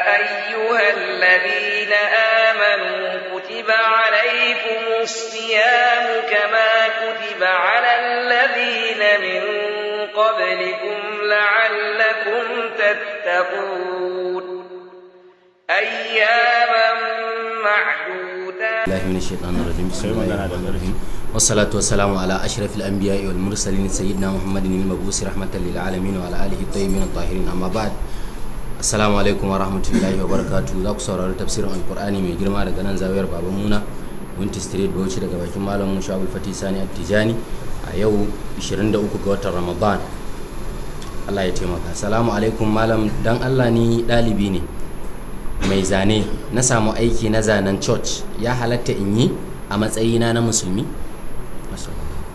أيها الذين آمنوا كتب عليكم الصيام كما كتب على الذين من قبلكم لعلكم تتقون أياما معدودة الله من الشيطان الرجيم بسم الله الرحمن الرحيم والصلاة والسلام على أشرف الأنبياء والمرسلين سيدنا محمد المبعوث رحمة للعالمين وعلى آله الطيبين الطاهرين أما بعد assalamu alaikum wa rahmatullahi wa barakatu za ku saurari tafsirin alkur'ani mai girma daga nan zawiyar baban muna winter street bauchi daga bakin malamin shabul fati sani attijani a yau 23 ga watan ramadan allah ya taimaka assalamu alaikum malam dan allah ni ɗalibi ne mai zane na samu aiki na zanen church ya halatta in yi a matsayina na musulmi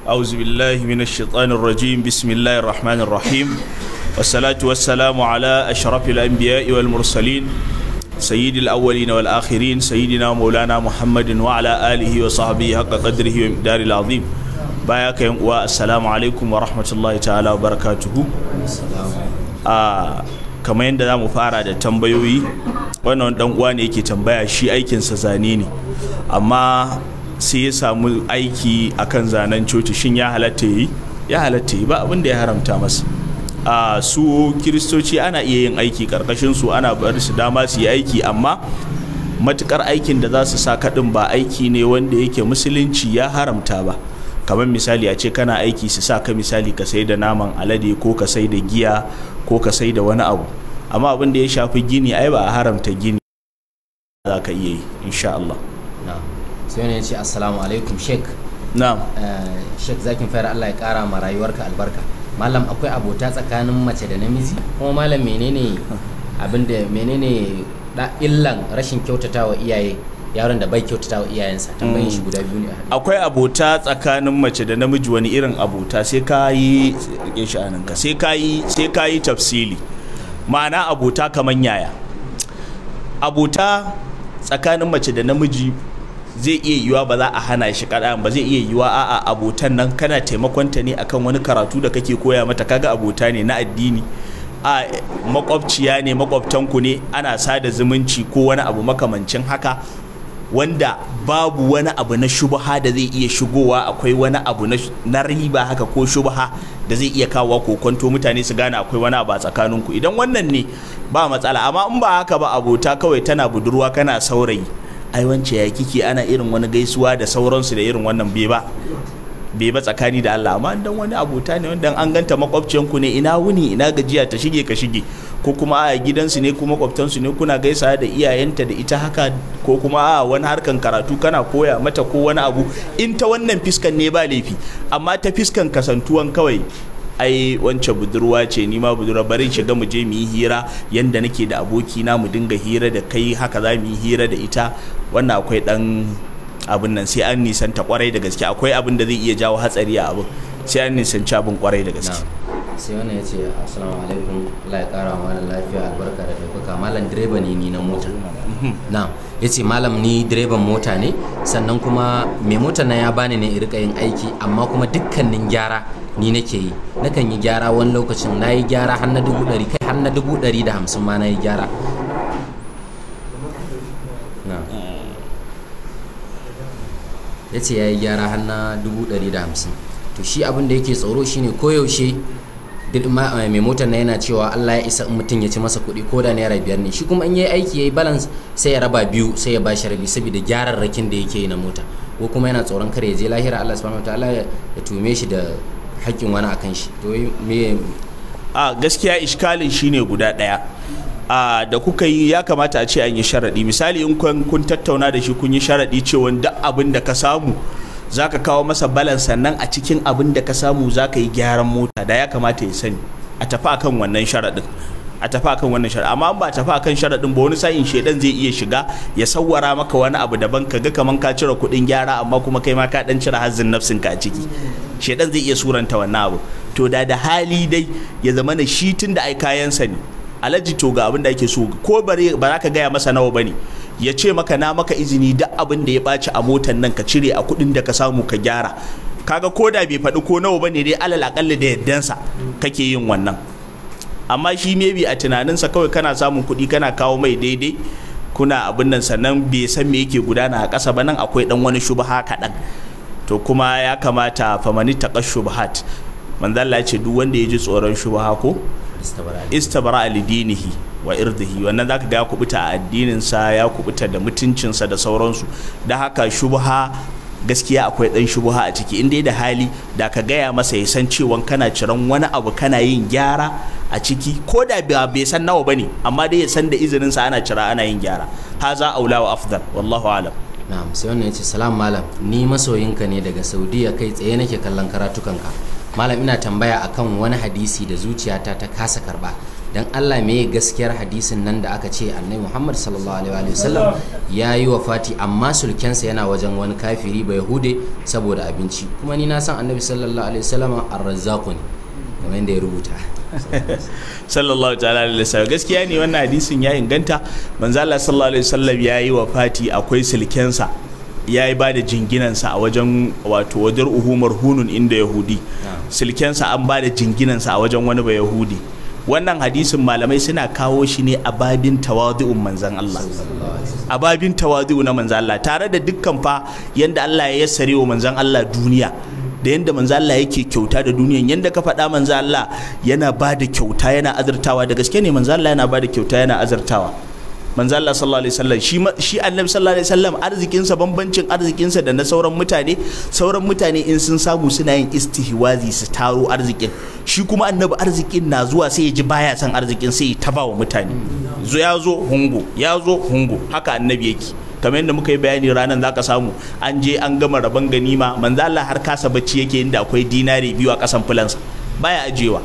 أعوذ بالله من الشيطان الرجيم بسم الله الرحمن الرحيم والصلاة والسلام على أشرف الأنبياء والمرسلين سيد الأولين والآخرين سيدنا مولانا محمد وعلى آله وصحبه حق قدره ومقدار العظيم باياك والسلام عليكم ورحمة الله تعالى وبركاته آه كما يندى مفارة تنبيوي wannan dan uwa ne yake tambaya shi aikinsa zane ne amma sai ya samu aiki akan zanen coci shin ya halatta yi ya halatta yi ba abin da ya haramta masa a su kiristoci ana iya yin aiki karkashin su ana bar su dama su yi aiki amma matukar aikin da za su sa kaɗin ba aiki ne wanda yake musulunci ya haramta ba kamar misali a ce kana aiki su sa ka misali ka sai da naman alade ko ka sai da giya ko ka sai da wani abu amma abin da ya shafi gini ai ba a haramta gini za ka iya yi insha Allah sai ne ce assalamu alaikum sheik na'am eh, zakin fayar Allah ya kara ma rayuwarka albarka malam akwai abota tsakanin mace da namiji kuma malam menene abinda menene da illan rashin kyautatawa iyaye yaron da bai kyautata wa iyayensa tambayin shi mm. guda biyu ne akwai abota tsakanin mace da namiji wani irin abota sai ka yi sai ka yi sai ka yi tafsili ma'ana abota kamar yaya abota tsakanin mace da namiji zai iya yiwa ba za a hana shi kaɗan ba zai iya yiwa a'a abotan nan kana taimakon ta ne akan wani karatu da kake koya mata kaga abota ne na addini a makwabciya ne makwabtanku ne ana sada zumunci ko wani abu makamancin haka wanda babu wani abu na shubaha da zai iya shigowa akwai wani abu na riba haka ko shubaha da zai iya kawo kokonto mutane su gane akwai wani abu a tsakaninku idan wannan ne ba matsala amma in ba haka ba abota kawai tana budurwa kana saurayi ai wance ya kike ana irin wani gaisuwa da sauransu da irin wannan beba ba tsakani da Allah amma dan wani abota ne wanda an ganta ku ne ina wuni ina gajiya ta shige ka shige ko kuma a gidansu ne ko makwabtansu ne kuna gaisa da iyayenta da ita haka ko kuma a wani harkan karatu kana koya mata ko wani abu in ta wannan fiskan ne ba laifi amma ta fiskan kasantuwan kawai ai wance budurwa ce ni ma budurwa bari shiga mu je mu yi hira yanda nake da aboki na mu dinga hira da kai haka za mu yi hira da ita wannan akwai dan abin nan sai an nisan ta kwarai da gaske akwai abin da zai iya jawo hatsari a abin sai an nisan ci abin kwarai da gaske sai wannan ya ce assalamu alaikum Allah ya kara wa lafiya albarka da ɗaukaka malam direba ne ni na mota na ya ce malam ni direban mota ne sannan kuma mai mota na ya bani ne rika yin aiki amma kuma dukkanin gyara ni nake yi nakan yi gyara wani lokacin na yi gyara har na dubu ɗari kai har na dubu ɗari da hamsin ma na yi gyara ya ce ya yi gyara har na dubu ɗari da hamsin to shi abin da yake tsoro shine koyaushe eh, mai motar na yana cewa Allah ya isa in mutum ya ci masa kuɗi ko da naira biyar ne shi kuma in yi aiki ya yi balance sai ya raba biyu sai ya bashi rabi saboda gyararrakin da yake yi na mota ko kuma yana tsoron kare ya je lahira Allah subhanahu wataala ya tume shi da hakkin wani akan shi to me a gaskiya iskalin shine guda ɗaya a da kuka yi ya kamata a ce an yi sharaɗi misali in kun tattauna da shi kun yi sharaɗi cewa duk abin da ka samu zaka kawo masa balan sannan a cikin abin da ka samu zaka yi gyaran mota da ya kamata ya sani a tafi akan wannan sharaɗin a tafi akan wannan shari'a amma ba tafi akan din ba wani sa'in shedan zai iya shiga ya sawwara maka wani abu daban ka ga kaman ka cire kuɗin gyara amma kuma kai ma ka dan cire hazzin nafsin ka a ciki shedan zai iya suranta wannan abu to da da hali dai ya zama na shi tun da ai kayansa ne alaji to ga abin da ake so ko bare ba za ka gaya masa nawa bane ya ce maka na maka izini duk abin da ya ɓaci a motan nan ka cire a kuɗin da ka samu ka gyara kaga ko da bai faɗi ko nawa bane dai alal akalla da yaddansa kake yin wannan amma shi bi a tunaninsa kawai kana samun kuɗi kana kawo mai daidai kuna abin nan sannan bai san me yake gudana a ƙasa ba nan akwai dan wani shubha kaɗan to kuma ya kamata famani taqa shubhat manzo Allah ya ce duk wanda ya ji tsoron shubha ko istabara alidinihi wa irdihi wannan zaka ga ya kubuta a addinin sa ya kubuta da mutuncinsa da sauransu da haka shubha gaskiya akwai dan shubuha a ciki in dai da hali da ka gaya masa ya san cewa kana ciran wani abu kana yin gyara a ciki ko da bai san nawa bane amma dai ya san da izinin sa ana cira ana yin gyara haza aula wa afdal wallahu alam na'am sai wannan yace salam malam ni masoyinka ne daga saudiya kai tsaye nake kallon karatukanka malam ina tambaya akan wani hadisi da zuciyata ta kasa karba dan Allah me gaskiyar hadisin nan da aka ce annabi Muhammad sallallahu alaihi wa sallam ya yi wafati amma sulkensa yana wajen wani kafiri ba yahude saboda abinci kuma ni na san annabi sallallahu alaihi wa sallam ar-razzaq ne kamar yadda ya rubuta sallallahu ta'ala alaihi wasallam gaskiya ne wannan hadisin ya inganta manzo Allah sallallahu alaihi wa sallam ya yi wafati akwai sa ya yi ba da jinginansa a wajen wato wajen uhumar hunun inda yahudi silkensa an ba da jinginansa a wajen wani ba yahudi wannan hadisin malamai suna kawo shi ne a babin tawadu'un manzan Allah a babin tawadu'u na manzan Allah tare da dukkan fa yanda Allah ya yassare wa manzan Allah duniya da yadda manzan Allah yake kyauta da duniya, yanda ka faɗa manzan Allah yana ba da kyauta yana azurtawa da gaske ne manzan Allah yana ba da kyauta yana azurtawa manzo Allah sallallahu alaihi wasallam shi shi annabi sallallahu alaihi wasallam arzikinsa bambancin arzikinsa da na sauran mutane sauran mutane in sun samu suna yin istihwazi su taro arzikin shi kuma annabi arzikin na zuwa sai ya ji baya san arzikin sai ya tabawa wa mutane zo ya zo hungo ya zo hungo haka annabi yake kamar yadda muka yi bayani ranar zaka samu an je an gama rabon ganima manzo Allah har kasa bacci yake inda akwai dinari biyu a kasan fulansa baya ajewa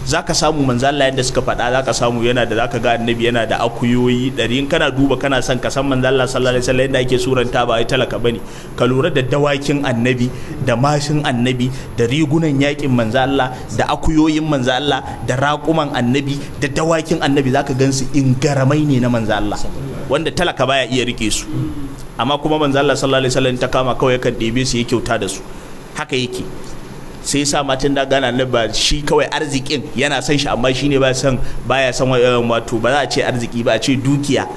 Za ka samu manzala yadda suka faɗa zaka samu yana da ka ga annabi yana da akuyoyi ɗari in kana duba kana son ka san manzala sallallahu alaihi yadda ake suranta ba ai talaka bane ka lura da dawakin annabi da mashin annabi da rigunan yakin manzala da akuyoyin manzala da raƙuman annabi da dawakin annabi Za zaka gansu in garamai ne na manzala. wanda talaka baya iya rike su amma kuma manzala sallallahu alaihi ta kama kawai kan ɗebe su ya kyauta da su haka yake sai sa matan da gana na ba shi kawai arzikin yana son shi amma shine ba son baya son eh, wato ba za a ce arziki ba a ce dukiya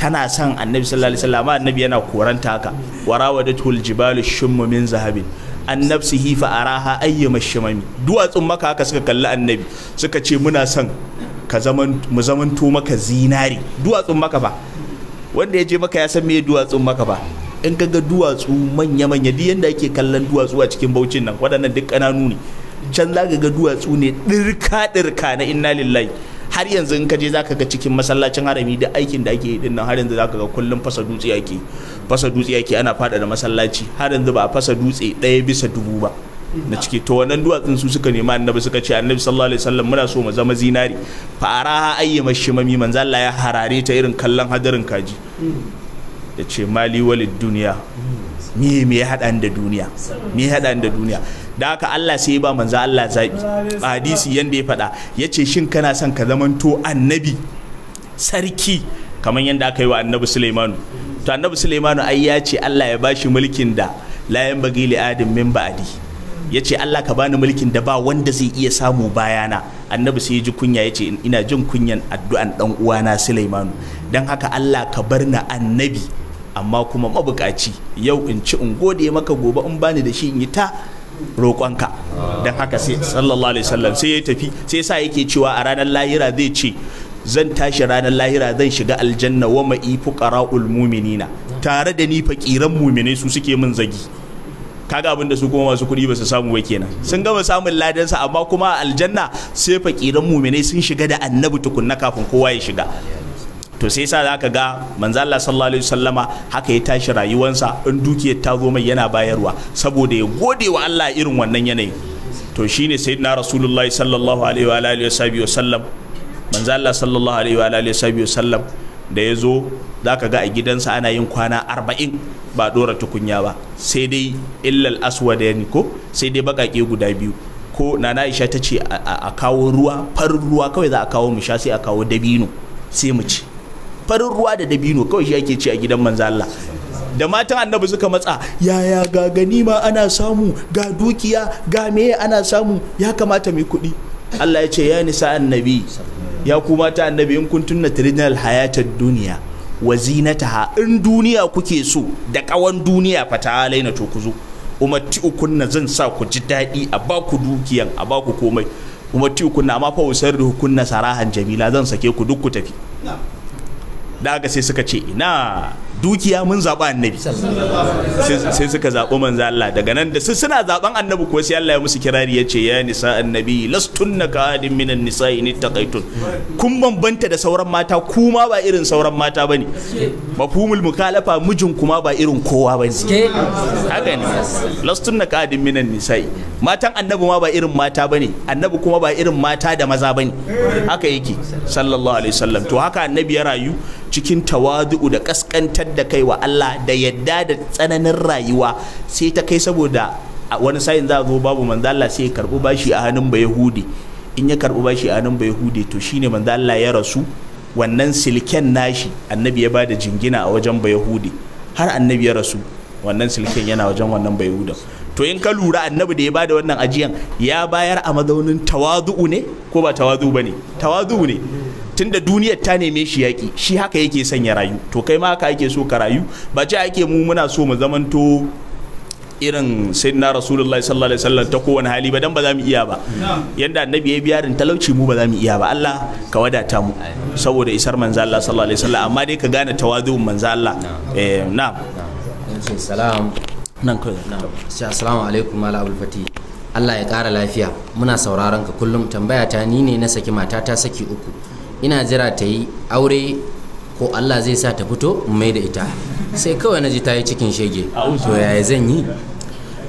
tana son annabi sallallahu alaihi wasallam annabi yana koranta haka warawadatul jibalu shummu min zahabin an hifa fa araha ayyama shimami duwatsun maka haka suka kalli annabi suka ce muna son ka zaman mu zamanto maka zinari duwatsun maka ba wanda ya je maka ya san me duwatsun maka ba in ka ga duwatsu manya-manya duk yadda ake kallon duwatsu a cikin baucin nan waɗannan duk ƙananu ne can za ka ga duwatsu ne ɗirka-ɗirka na inna lillahi har yanzu in ka je zaka ga cikin masallacin harami da aikin da ake yi dinnan har yanzu zaka ga kullum fasa dutse ake fasa dutse ake ana fada da masallaci har yanzu ba fasa dutse daya bisa dubu ba na ciki to wannan duwatsun su suka nema annabi suka ce annabi sallallahu alaihi wasallam muna so mu zama zinari fara ayyama shimami manzo Allah ya harare ta irin kallon hadarin kaji ya ce mali walid duniya me me ya da duniya me ya da duniya da haka Allah sai ba manzo Allah zabi a hadisi yanda ya faɗa ya ce shin kana son ka zamanto annabi sarki kamar yadda aka yi wa annabi Sulaimanu to annabi Sulaimanu ai ya ce Allah ya bashi mulkin da layan bagi li adam min ba'di ya ce Allah ka bani mulkin da ba wanda zai iya samu bayana annabi sai ya ji kunya ya ce ina jin kunyan addu'an dan uwana Sulaimanu dan haka Allah ka bar na annabi amma kuma mabukaci yau in ci in gode maka gobe in bani da shi in yi ta roƙonka don haka sai sallallahu alaihi wasallam sai ya tafi sai sa yake cewa a ranar lahira zai ce zan tashi ranar lahira zan shiga aljanna wa ma'i fuqara'ul mu'minina tare da ni fakiran mu'minai su suke min zagi kaga abin da su kuma masu kuɗi ba su samu ba kenan sun gama samun ladansa amma kuma aljanna sai fakiran mu'minai sun shiga da annabi tukunna kafin kowa ya shiga to sai sa za ka ga manzan Allah sallallahu alaihi wasallama haka ya tashi rayuwarsa in dukiyar ta zo mai yana bayarwa saboda ya gode wa Allah irin wannan yanayi to shine sayyidina rasulullahi sallallahu alaihi wa alihi wasallam manzan Allah sallallahu alaihi wa alihi wasallam da ya zo za ka ga a gidansa ana yin kwana arba'in ba dora tukunya ba sai dai illal aswad yani ko sai dai baƙaƙe guda biyu ko nana aisha ta ce a kawo ruwa farin ruwa kawai za a kawo mu sha sai a kawo dabino sai mu ci farin ruwa da dabino kawai shi ake ci a gidan manzo Allah da matan annabi suka matsa yaya ga gani ma ana samu ga dukiya ga meye ana samu ya kamata mai kuɗi Allah ya ce ya nisa annabi ya ku mata annabi in kun tunna tirinal hayatar duniya wa zinataha in duniya kuke so da kawan duniya fata alaina to ku zo umatti ukunna zan sa ku ji daɗi a ba ku dukiyan a ba ku komai umatti ukunna amma fa usar da hukunna sarahan jamila zan sake ku duk ku tafi da aka sai suka ce ina dukiya mun zaɓa annabi sai suka zaɓi manzo Allah daga nan da su suna zaɓan annabi ko sai Allah ya musu kirari ya ce ya nisa annabi lastunna ka adin minan nisa in taqaitun kun bambanta da sauran mata kuma ba irin sauran mata bane mafhumul mukalafa mijin kuma ba irin kowa bane haka ne lastunna ka adin minan nisa matan annabi ma ba irin mata bane annabi kuma ba irin mata da maza bane haka yake sallallahu alaihi wasallam to haka annabi ya rayu cikin tawadu'u da kaskantar da kai wa Allah da yadda da tsananin rayuwa sai ta kai saboda wani sayin za a zo babu manzo Allah sai ya karbi bashi a hannun ba Yahudi in ya karbi bashi a hannun ba Yahudi to shine manzo Allah ya rasu wannan silken nashi annabi ya bada jingina a wajen ba Yahudi har annabi ya rasu wannan silken yana wajen wannan ba Yahudan to in ka lura annabi da ya bada wannan ajiyan ya bayar a mazaunin tawadu'u ne ko ba tawadu bane tawadu ne da duniyar ta neme shi yaƙi shi haka yake sanya rayu to kai ma haka yake so ka rayu ba ce ake mu muna so mu zamanto irin na rasulullahi sallallahu alaihi wasallam ta kowane hali ba dan ba za mu iya ba yanda annabi ya biya din talauci mu ba za mu iya ba Allah ka wadata mu saboda isar manzo Allah sallallahu alaihi wasallam amma dai ka gane tawazu manzo Allah eh na'am assalamu nan ko na'am assalamu alaikum mala abul fati Allah ya kara lafiya muna sauraron ka kullum tambaya ta ni ne na saki mata ta saki uku ina jira ta yi aure ko Allah zai sa ta fito mai da ita sai kawai na ji ta yi cikin shege to yaya zan yi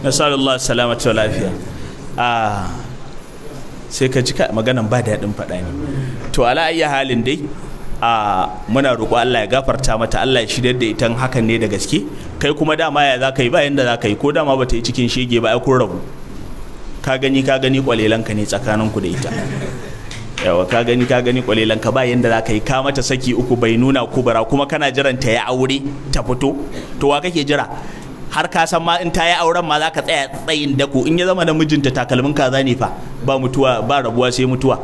na Allah salamatu wa lafiya ah, sai ka ji maganan ba daɗin faɗa ne to ala ayya halin dai a ah, muna roƙo Allah ya gafarta mata Allah ya shirya da ita hakan ne da gaske kai kuma dama ya za ka yi ba da za ka yi ko dama ba ta yi cikin shege ba ya kun rabu ka gani ka gani kwalelanka ne tsakaninku da ita yawa ka gani ka gani kwalelan ka ba yanda za ka yi ka mata saki uku bai nuna kubara kuma kana jiran ta ya aure ta fito to wa kake jira har ka san ma in ta yi auren ma za ka tsaya tsayin dako in ya zama namijinta takalmin kaza ne fa ba mutuwa ba rabuwa sai mutuwa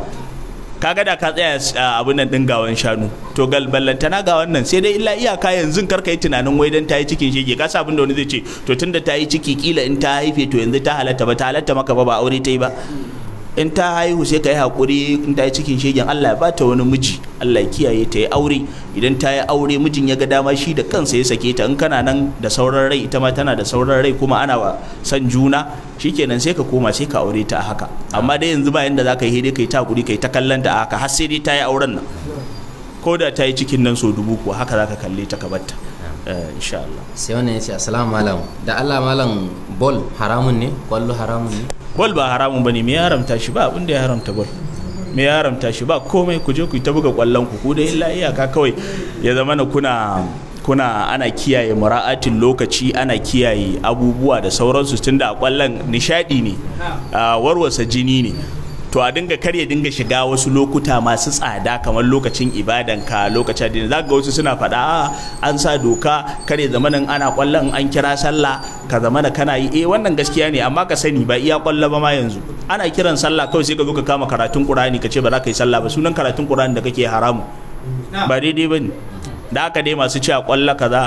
ka da ka tsaya abin nan din gawan shanu to galballantana ga wannan sai dai illa iyaka yanzu kar ka yi tunanin wai dan ta yi cikin shege ka sa abin da wani zai ce to tunda ta yi ciki kila in ta haife to yanzu ta halatta ba ta halatta maka ba ba aure ta yi ba in ta haihu sai ka yi hakuri in ta yi cikin shegen Allah ya bata wani miji Allah ya kiyaye ta yi aure idan ta yi aure mijin ya ga dama shi da kansa ya sake ta in kana nan da sauran rai ita ma tana da sauran rai kuma ana wa san juna shikenan sai ka koma sai ka aure ta a haka amma dai yanzu ba yanda zaka yi dai kai ta hakuri kai ta kallon ta a haka har sai dai ta yi auren nan ko da ta yi cikin nan so dubu kuwa haka zaka kalle ta ka batta Eh, insha Allah sai wannan yace assalamu malam da Allah malam bol haramun ne kwallo haramun ne bol ba haramun bane me ya haramta shi ba abin da ya haramta bol me ya haramta shi ba komai ku je ku ta buga kwallon ku ku dai illa iyaka kawai ya zama na kuna kuna ana kiyaye mura'atin lokaci ana kiyaye abubuwa da sauransu tunda a kwallon nishadi ne ah, warwasa jini ne to a dinga karya dinga shiga wasu lokuta masu tsada kamar lokacin ibadan ka lokacin addini za ga wasu suna faɗa an sa doka kar ya ana kwallon an kira sallah ka zamana kana yi eh wannan gaskiya ne amma ka sani ba iya kwallo ba ma yanzu ana kiran sallah kawai sai ka zo ka kama karatun qur'ani ka ce ba za ka yi sallah ba sunan karatun qur'ani da kake haramu ba daidai bane da aka dai masu cewa kwallo kaza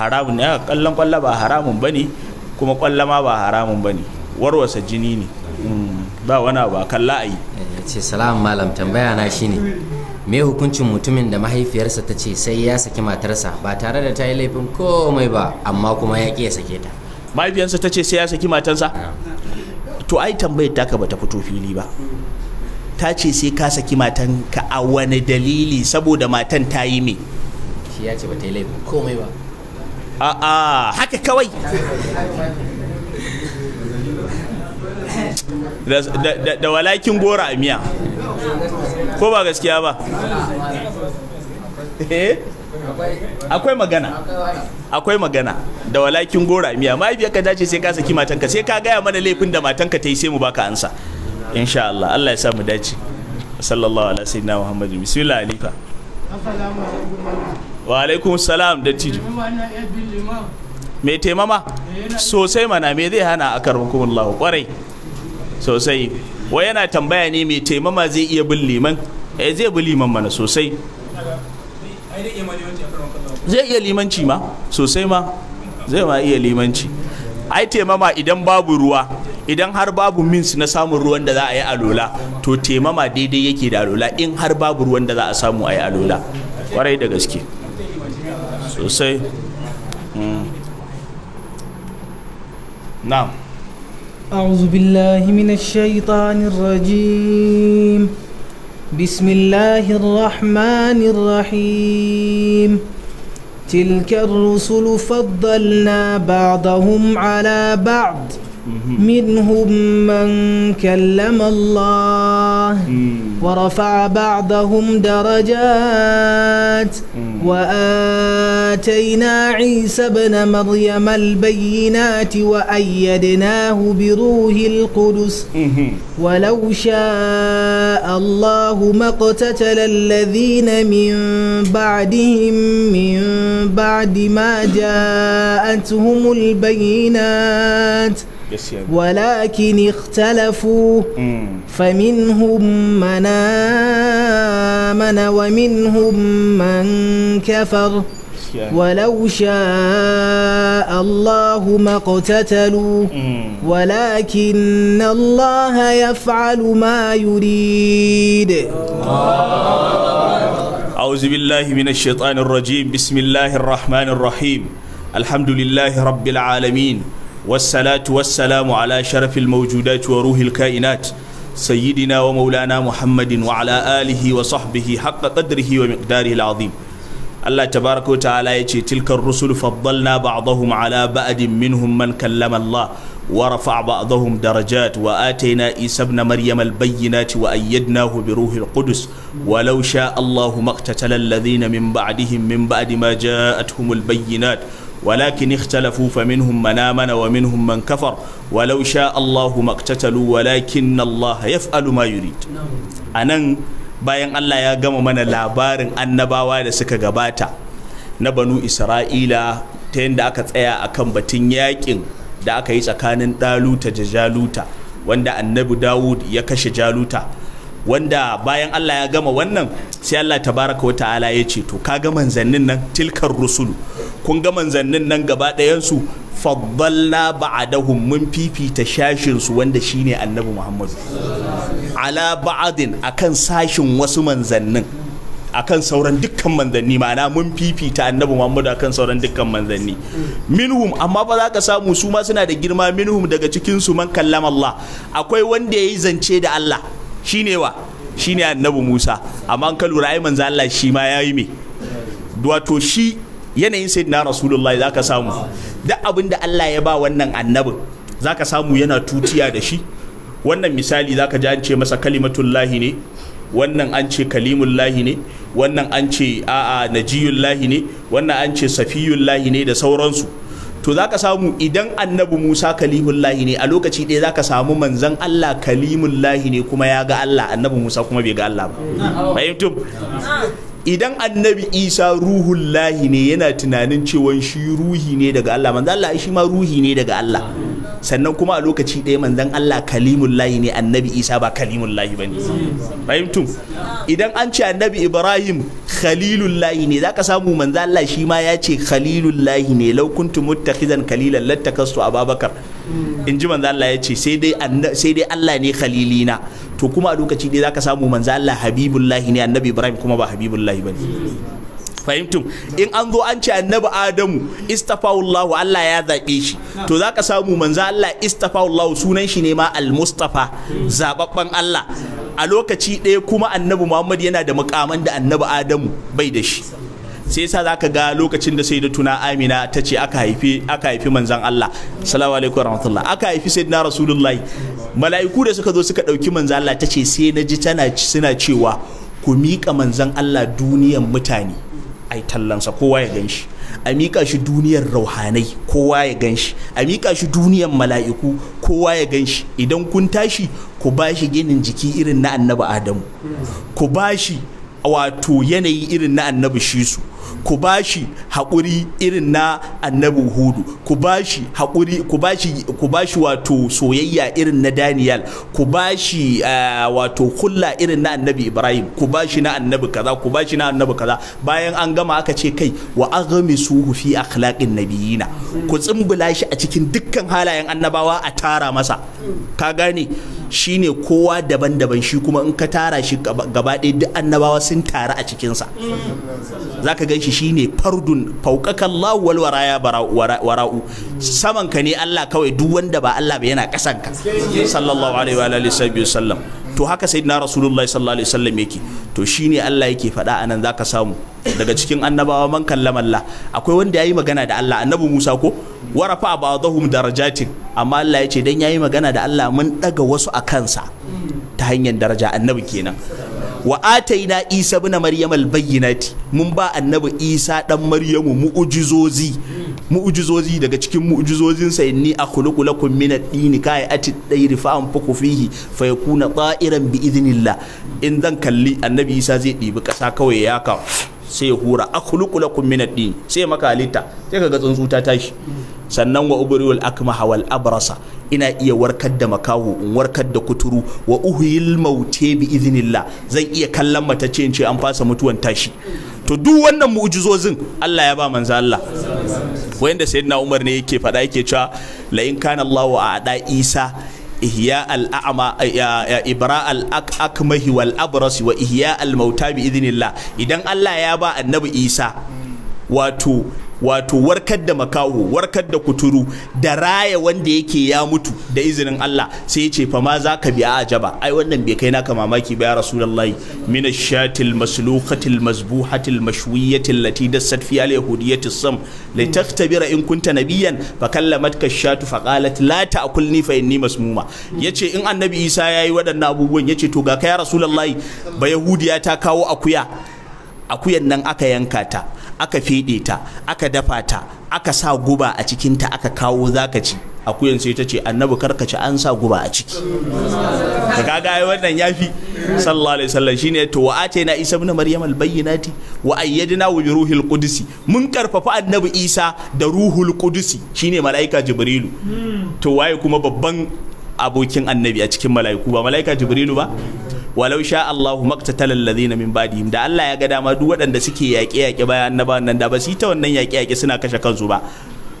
haramun ne kallon kwallo ba haramun bane kuma kwallo ba haramun bane warwasa jini ne hmm. ba wani kalla a yi la'ayi eh, ce salam malam tambaya na shine me hukuncin mutumin da mahaifiyarsa ta ce sai ya saki matarsa ba tare da ta yi laifin komai ba amma kuma ya ƙi ya sake ta mahaifiyarsa ta ce sai ya saki matarsa ah. to ai tambayar taka bata fito fili ba ta ce sai ka saki matan ka a wani dalili saboda matan ta yi me shi ya ce ba ta yi laifin komai ba a'a haka kawai da walakin gora a miya ko ba gaskiya ba eh? akwai magana akwai magana da walakin gora a miya mahaifiyarka ta ce sai ka saki matanka sai ka gaya mana laifin da matanka ta yi sai mu baka ansa insha Allah Allah ya sa mu dace sallallahu ala sayyidina muhammadu bismillah alifa wa alaikum salam da tiju mai taimama sosai mana me zai hana a karbakumullahu kwarai sosai wai yana tambaya ne mai taimama zai iya bin liman eh zai bi liman mana sosai zai iya limanci ma sosai ma zai ma iya limanci ai taimama idan babu ruwa idan har babu mins na samun ruwan da za a yi alola to taimama daidai yake da alola in har babu ruwan da za a samu a yi alola kwarai da gaske sosai hmm. na'am أعوذ بالله من الشيطان الرجيم بسم الله الرحمن الرحيم تلك الرسل فضلنا بعضهم على بعض منهم من كلم الله ورفع بعضهم درجات وآتينا عيسى ابن مريم البينات وأيدناه بروح القدس ولو شاء الله ما اقتتل الذين من بعدهم من بعد ما جاءتهم البينات ولكن اختلفوا فمنهم من آمن ومنهم من كفر ولو شاء الله ما اقتتلوا ولكن الله يفعل ما يريد أعوذ بالله من الشيطان الرجيم بسم الله الرحمن الرحيم الحمد لله رب العالمين والصلاة والسلام على شرف الموجودات وروح الكائنات سيدنا ومولانا محمد وعلى آله وصحبه حق قدره ومقداره العظيم الله تبارك وتعالى يتي تلك الرسل فضلنا بعضهم على بعد منهم من كلم الله ورفع بعضهم درجات وآتينا إيسى ابن مريم البينات وأيدناه بروح القدس ولو شاء الله ما اقتتل الذين من بعدهم من بعد ما جاءتهم البينات ولكن اختلفوا فمنهم من آمن ومنهم من كفر ولو شاء الله ما اقتتلوا ولكن الله يفعل ما يريد أنا bayan Allah ya gama mana labarin annabawa da suka gabata na banu Isra'ila ta yadda aka tsaya akan batun yakin da aka yi tsakanin ɗaluta da jaluta wanda annabi Dawud ya kashe jaluta wanda bayan Allah ya gama wannan sai Allah tabaraka wa ta'ala ya ce to kaga manzannin nan tilkar rusulu kun ga manzannin nan gaba ɗayansu faddalla ba'adahum mun fifita shashinsu wanda shine annabi muhammadu ala ba'adin akan sashin wasu manzannin akan sauran dukkan manzanni ma'ana mun fifita annabi muhammadu akan sauran dukkan manzanni minhum amma ba za ka samu su ma suna da girma minhum daga cikinsu su man kallama Allah akwai wanda yayi zance da Allah shine wa shine annabi Musa amma an lura ai manzo Allah shi ma yayi me wato shi yanayin sayyidina rasulullahi ka samu duk abin da Allah ya ba wannan annabin za ka samu yana tutiya da shi wannan misali za ka ji an ce masa kalimatullahi ne wannan an ce kalimullahi ne wannan an ce a'a najiyullahi ne wannan an ce safiyullahi ne da sauransu to za ka samu idan annabi Musa kalimullahi ne a lokaci ɗaya ka samu manzan Allah kalimullahi ne kuma ya ga Allah annabi Musa kuma bai ga Allah ba idan annabi isa ruhun lahi ne yana tunanin cewa shi ruhi ne daga allah manzan allah shi ma ruhi ne daga allah sannan kuma a lokaci ɗaya manzan allah kalimun lahi ne annabi isa ba kalimun lahi ba ne fahimtum idan an ce annabi ibrahim lahi ne zaka samu manzan allah shi ma ya ce lahi ne lau kuntu muttakhizan khalilan lattakastu ababakar in ji manzan allah ya ce sai dai allah ne khalilina to kuma a lokaci ɗaya zaka samu manzo Allah habibullahi ne annabi Ibrahim kuma ba habibullahi bane fahimtum in an zo an ce annabi adamu istafawullahu Allah ya zaɓe shi to za ka samu manza Allah istafawullahu sunan shi ne ma almustafa zaɓaɓɓen Allah a lokaci ɗaya kuma annabi Muhammad yana da mukaman da annabi adamu bai da shi sai yasa ka ga lokacin da sayyidatuna amina ta ce aka haifi aka haifi manzon Allah salamu alaikum warahmatullah aka haifi sayyidina rasulullahi mala'iku da suka zo suka dauki manzon Allah ta ce sai naji tana suna cewa ku mika manzon Allah duniyan mutane ai tallansa kowa ya gan shi a mika shi duniyar rauhanai kowa ya gan a mika shi duniyar mala'iku kowa ya gan shi idan kun tashi ku ba shi ginin jiki irin na annabi adamu ku ba shi wato yanayi irin na annabi shi su ku bashi haƙuri irin na annabi hudu ku bashi haƙuri ku bashi ku bashi wato soyayya irin na daniel ku bashi eh, wato hulla irin na annabi ibrahim ku bashi na annabi kaza ku bashi na annabi kaza bayan an gama aka ce kai wa suhu fi akhlaqin nabiyina ku tsumbula shi a cikin dukkan halayen annabawa a tara masa ka gane shine kowa daban-daban shi kuma in ka tara shi gaba ɗaya duk annabawa sun taru a cikinsa Za ka gan shi ne fardun faukakan lawal wal waraya wara'u saman ka ne Allah kawai duk wanda ba Allah ba yana kasan ka sallallahu alaihi wa alihi sallam. to haka sayyidina rasulullahi sallallahu alaihi wasallam yake to shi ne Allah yake faɗa anan ka samu daga cikin annabawa man kallama Allah akwai wanda ya yi magana da Allah annabi Musa ko warafa ba'dahum darajatin amma Allah ya ce dan yayi magana da Allah mun daga wasu a kansa ta hanyar daraja annabi kenan wa ataina Isa ibn Maryam al-bayyinati mun ba annabi Isa dan Maryamu mu'ujizozi mu'ujizozi daga cikin mu'ujizozin sa inni akhluqu lakum min ad-dini kai ati dairi fa fuku fihi fa yakuna ta'iran bi idnillah in zan kalli annabi Isa zai ɗibi ƙasa kawai ya kawo sai ya hura a kulukula kun ad-din sai maka halitta sai ka ga tsuntsu ta tashi sannan wa ubriul akma hawal abrasa ina iya warkar da makaho in warkar da kuturu wa uhyil maute bi idhnillah zan iya kallon mata ce ce an fasa mutuwan tashi to duk wannan mu'jizozin Allah ya ba manzo Allah wanda sayyidina Umar ne yake faɗa yake cewa la in kana Allahu a ada Isa ihya al'ama ibra al'akmahi wal abras wa ihya al mauta bi idnillah idan Allah ya ba annabi Isa wato wato warkar da makaho warkar da kuturu da raya wanda yake ya mutu da izinin Allah sai ya ce fa ma zaka ka biya ajaba ai wannan bai kai naka mamaki ba ya rasulullahi min ash-shatil mazbuhatil mashwiyatil lati dassat fi al-yahudiyyati sam litaktabira in kunta nabiyan fa kallamatka ash-shatu fa qalat la ta'kulni fa inni masmuma yace in annabi Isa yayi waɗannan abubuwan yace to ga ka ya rasulullahi ba yahudiya ta kawo akuya akuyan nan aka yanka ta aka feɗe ta aka dafa ta aka sa guba a cikinta aka kawo zaka ci akuyan sai ta ce annabi karkace an sa guba a ciki ka ga wannan yafi sallallahu alaihi wasallam shine to wa isa ibn maryam albayyinati wa ayyadna bi ruhil qudus mun karfafa annabi isa da ruhul qudus shine malaika jibrilu hmm. to waye kuma babban abokin annabi a cikin mala'iku ba mala'ika jibrilu ba walau sha Allahu maktatal na min ba'dihim da Allah ya ga dama duk waɗanda suke yaƙe yaƙe bayan annabawan nan da ba su yi ta wannan yaƙe yaƙe suna kashe kansu ba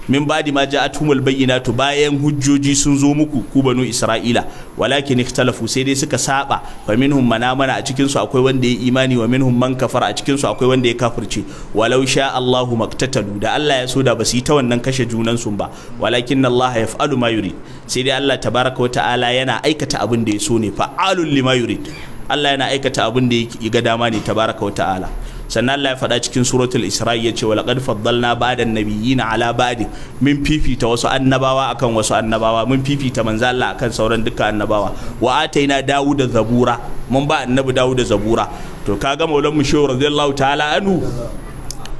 min ba di ma ja'atuhumul bayyinatu bayan hujjoji sun zo muku ku banu isra'ila walakin ikhtalafu sai dai suka saba fa minhum mana mana a cikin su akwai wanda ya imani wa minhum man kafara a cikin su akwai wanda ya kafirce walau sha Allahu maktatalu da Allah ya so da basu yi ta wannan kashe junan sun ba walakin Allah yaf'alu ma yurid sai dai Allah tabaraka wa ta'ala yana aikata abin da ya so ne fa'alul lima yurid Allah yana aikata abin da ya ga dama ne tabaraka wa ta'ala sannan Allah ya faɗa cikin suratul isra'i ya ce laqad faddalna bada nabiyyin ala ba'di min fifita wasu annabawa akan wasu annabawa mun fifita manzo Allah akan sauran dukkan annabawa wa ataina da zabura mun ba annabi da zabura to kaga maulan mu shehu radiyallahu ta'ala anhu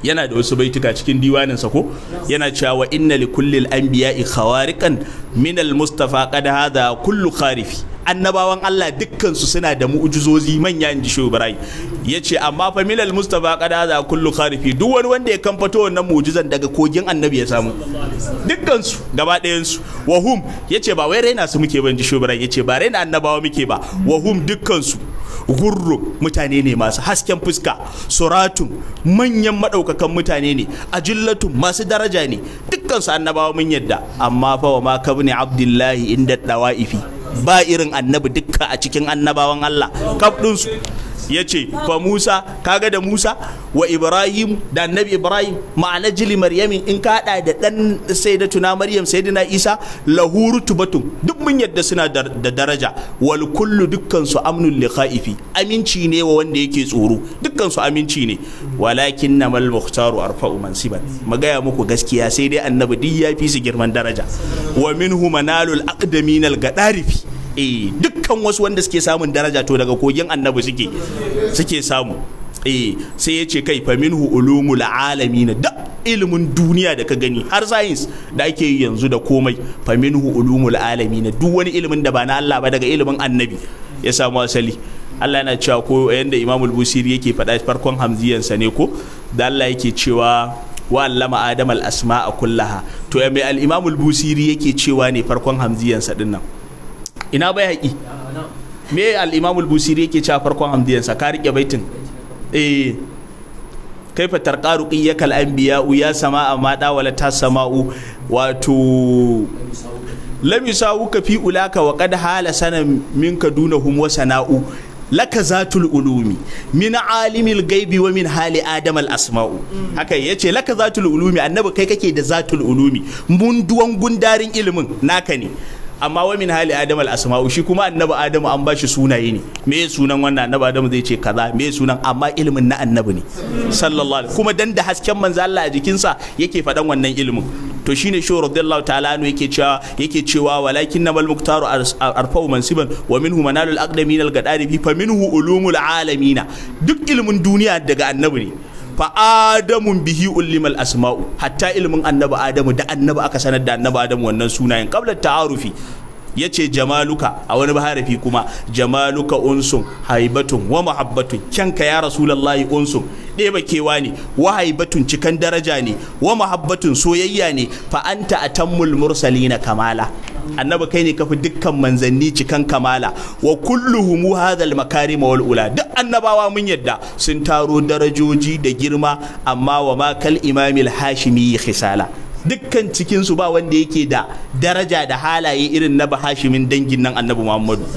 yana da wasu baituka cikin diwanin sa ko yana cewa wa inna li kullil anbiya khawariqan min al mustafa qad hadha kullu kharifi annabawan Allah dukkan su suna da mu'jizozi manya inji Shehu Ibrahim yace amma fa al mustafa qad hadha kullu kharifi duk wani wanda ya kamfato wannan mu'jizan daga kogin annabi ya samu dukkan su gaba ɗayan su wahum yace ba wai raina su muke ba inji Shehu Ibrahim yace ba raina annabawa muke ba wahum dukkan su gurru mutane ne masu hasken fuska suratun manyan madaukakan mutane ne Ajillatu masu daraja ne dukkan su annabawa mun yadda amma fa wa ma ne abdullahi inda dawaifi ba irin annabi dukka a cikin annabawan Allah kaf su ya ce fa musa kaga da musa wa ibrahim da annabi ibrahim ma'ana jili maryamin in ka hada da dan sai da tuna maryam sai na isa lahuru tubatun duk mun yadda suna da daraja wal kullu dukkan su amnul likhaifi aminci ne wa wanda yake tsoro dukkan su aminci ne walakin namal muhtaru arfa'u mansiban magaya muku gaskiya sai dai annabi duk ya su girman daraja wa minhu manalul aqdaminal gadarifi eh dukkan wasu wanda suke samun daraja to daga kogin annabi suke suke samu e sai ya ce kai fa minhu ulumul alamin da ilimin duniya da ka gani har science da ake yi yanzu da komai fa minhu ulumul alamin duk wani ilimin da ba na Allah ba daga ilimin annabi ya samu asali Allah yana cewa ko yanda Imam al-Busiri yake faɗa farkon hamziyansa ne ko da Allah yake cewa wa allama adam al-asma'a kullaha to ya mai al-Imam busiri yake cewa ne farkon hamziyansa dinnan ina bai haƙi me Al'imamul busiri yake cewa farkon hamdiyansa ka rike baitin eh kaifa tarqaru qiyakal anbiya ya sama'a ma da wala ta sama'u wato lam wuka fi ulaka wa qad hala sanan minka dunahum wa sana'u laka zatul ulumi min alimil gaibi wa min hali adam al asma'u haka yace laka zatul ulumi annabi kai kake da zatul ulumi mun duwan gundarin ilimin naka ne amma wa min hali adam al asma'u shi kuma annabi adamu an bashi sunaye ne me sunan wannan annabi adamu zai ce kaza me sunan amma ilimin na annabi ne sallallahu alaihi kuma dan da hasken manzo Allah a jikinsa yake faɗan wannan ilimin to shine shi radiyallahu ta'ala anhu yake cewa yake cewa walakin namal muktaru arfau mansiban wa minhu manalul aqdamin al gadari fa minhu ulumul alamina duk ilimin duniya daga annabi ne fa adamun bihi ullimal asma'u hatta ilimin annabi adamu da annabi aka sanar da annabi adamu wannan sunayen qabla ta'arufi ya ce jamaluka a wani baharafi kuma jamaluka unsun haibatun wa mahabbatun kyanka ya rasulallahi unsun ɗeba kewa ne wa haibatun cikan daraja ne wa muhabbatun soyayya ne fa anta atammul mursalina kamala annabi kai ne kafi dukkan manzanni cikan kamala wa kulluhum hadhal makarim wal ula duk annabawa mun yadda sun taro darajoji da girma amma wa ma kal imamil hashimi khisala dukkan cikinsu ba wanda yake da daraja da halaye irin na bahashimin dangin nan annabi muhammadu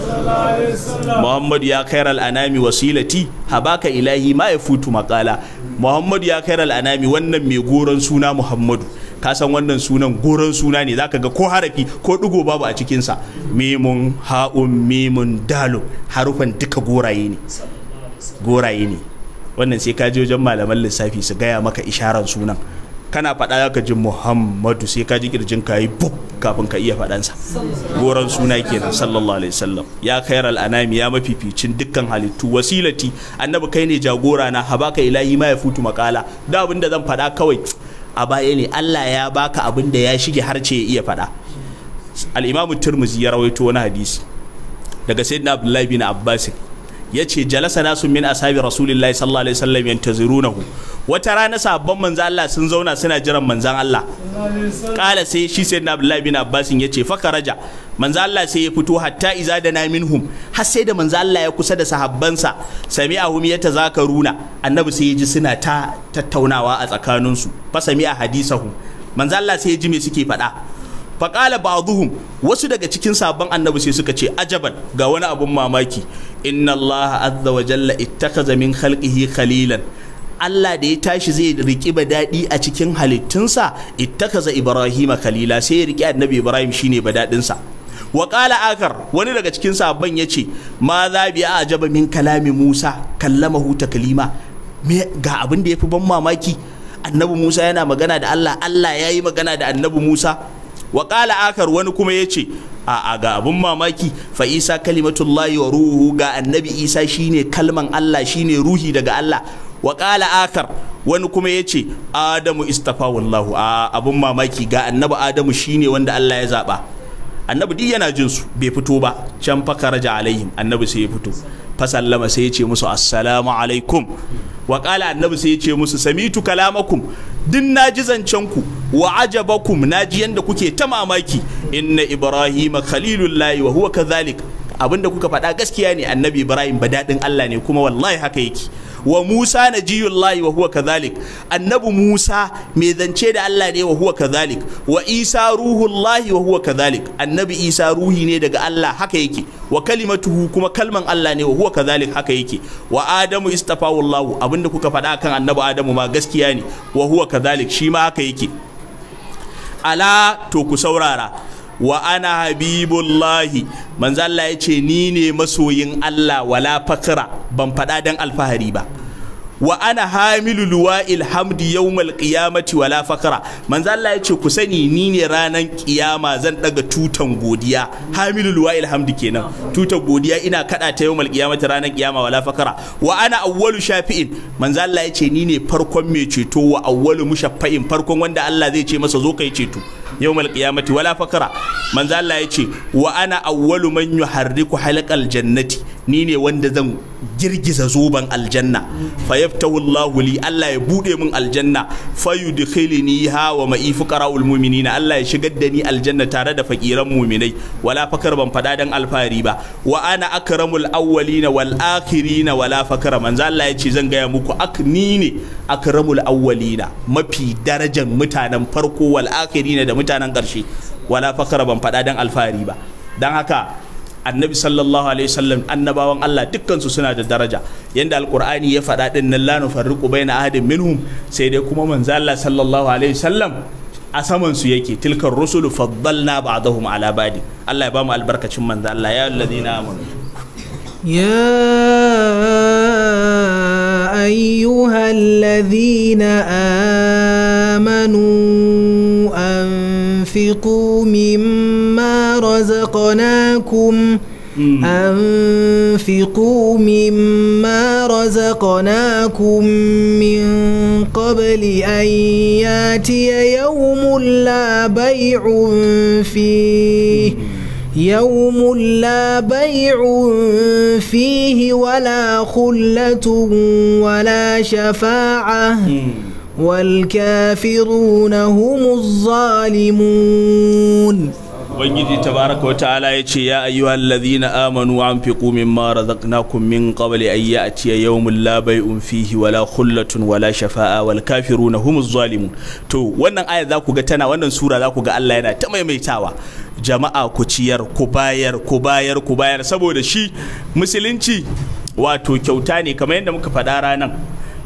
muhammadu ya kai al'anami wasilati habaka ilahi ma ya futu makala muhammadu ya kai al'anami wannan mai goron suna muhammadu Kasan wannan sunan goron suna ne zaka ga ko harafi ko digo babu a cikinsa mimun ha'un mimun dalo harufan duka goraye ne goraye ne wannan sai ka je wajen malaman lissafi su gaya maka isharar sunan kana faɗa ka ji muhammadu sai ka ji kirjin ka yi bub kafin ka iya faɗansa goron suna kenan sallallahu alaihi wasallam ya kayar al'anami ya mafificin dukkan halittu wasilati annabi kai ne jagora na habaka ilahi ma ya futu makala da abin da zan faɗa kawai a baya ne Allah ya baka abin da ya shige harce ya iya faɗa al-imamu tirmizi ya rawaito wani hadisi daga sayyidina abdullahi bin abbasin yace jalasa nasu min ashabi rasulillahi sallallahu alaihi wasallam yantazirunahu wata rana sabon manzo Allah sun zauna suna jiran manzan Allah kala sai shi na abdullahi bin abbas yace fakaraja manzo Allah sai ya fito hatta iza da na minhum har sai da manzo Allah ya kusa da sahabbansa sami'ahum yatazakaruna annabi sai ya ji suna ta tattaunawa a tsakaninsu fa sami'a hadisahum manzo Allah sai ya ji me suke faɗa faƙala ba'dhum wasu daga cikin sabon annabi sai suka ce ajaban ga wani abun mamaki inna Allah azza wa jalla ittakaza min khalqihi khalilan Allah da ya tashi zai ba daɗi a cikin halittunsa ittakaza Ibrahim khalila sai ya riki annabi Ibrahim shine badadinsa wa qala akar wani daga cikin sabon yace ma za bi ajaba min kalami Musa kallamahu taklima me ga abin da yafi ban mamaki annabi Musa yana magana da Allah Allah yayi magana da annabi Musa wa qala akar wani kuma yace a'a ga abun mamaki fa isa kalimatullahi wa ruhu ga annabi isa shine kalman allah shine ruhi daga allah wa qala akar wani kuma ya ce adamu istafa wallahu a abun mamaki ga annabi adamu shine wanda allah ya zaba annabi duk yana jinsu bai fito ba can fakaraja alaihim annabi sai ya fito fasallama sai ya ce musu assalamu alaikum wa qala annabi sai ya ce musu samitu kalamakum din ji zancen ku wa ajabakum ji yanda kuke ta mamaki inna ibrahima khalilullahi wa huwa kadhalik Abin da kuka faɗa gaskiya ne annabi ibrahim ba daɗin allah ne kuma wallahi haka yake wa musa na layi wa huwa kazalik annabi musa mai zance da allah ne wa huwa kazalik wa isa ruhullahi wa huwa kazalik annabi isa ruhi ne daga allah haka yake wa kalimatuhu kuma kalman allah ne wa huwa kazalik haka yake wa adamu istafawullahu abinda kuka faɗa kan annabi adamu ma gaskiya ne wa kazalik shi haka yake ala to ku saurara wa ana habibullahi manzo Allah ya ce ni ne masoyin Allah wala fakra ban faɗa dan alfahari ba wa ana hamilu luwa'il hamdi yawmal qiyamati wala fakara manzo Allah ya ce ku sani ni ne ranan kiyama zan daga tutan godiya hamilu luwa'il hamdi kenan tutan godiya ina kada ta yawmal qiyamati ranan kiyama wala Wa'ana wa ana awwalu shafi'in manzo Allah ya ce ni ne farkon mai ceto wa awwalu mushaffa'in farkon wanda Allah zai ce masa zo kai ceto Yau malƙiyamati wala fakara manzo Allah ya ce wa ana awwalu man yuharriku halqal jannati ni ne wanda zan girgiza zoban aljanna fa yaftahu Allah li Allah ya bude min aljanna fa yudkhilni ha wa ma'i fuqara'ul mu'minina Allah ya shigar da ni aljanna tare da fakiran mu'minai wala fakar ban fada dan alfahari ba wa ana akramul awwalina wal akhirina wala fakara manzo Allah ya ce zan gaya muku ak ni ne akramul awwalina mafi darajan mutanen farko wal akhirina da mutanen ƙarshe wala fakara ban faɗa dan alfahari ba dan haka annabi sallallahu alaihi wasallam annabawan Allah dukkansu suna da daraja yanda alqur'ani ya faɗa din nan la nufarriqu baina ahadin minhum sai dai kuma manzo Allah sallallahu alaihi wasallam a saman su yake tilkar rusulu faddalna ba'dahum ala ba'di Allah ya bamu albarkacin manzo Allah ya alladina amanu ya ايها الذين امنوا انفقوا مما رزقناكم أنفقوا مما رزقناكم من قبل أن ياتي يوم لا بيع فيه يوم لا بيع فيه ولا خلة ولا شفاعة والكافرون هم الظالمون ubangiji tabaraka wataala ya ce ya ayyuhal ladhina amanu anfiqu mimma razaqnakum min qabli an ya'tiya yawmun la bay'un fihi wala khullatun wala shafa'a wal kafiruna humuz zalimun to wannan aya za ku ga tana wannan sura za ku ga Allah yana ta maimaitawa jama'a ku ciyar ku bayar ku bayar ku bayar saboda shi musulunci wato kyauta ne kamar yadda muka faɗa ranan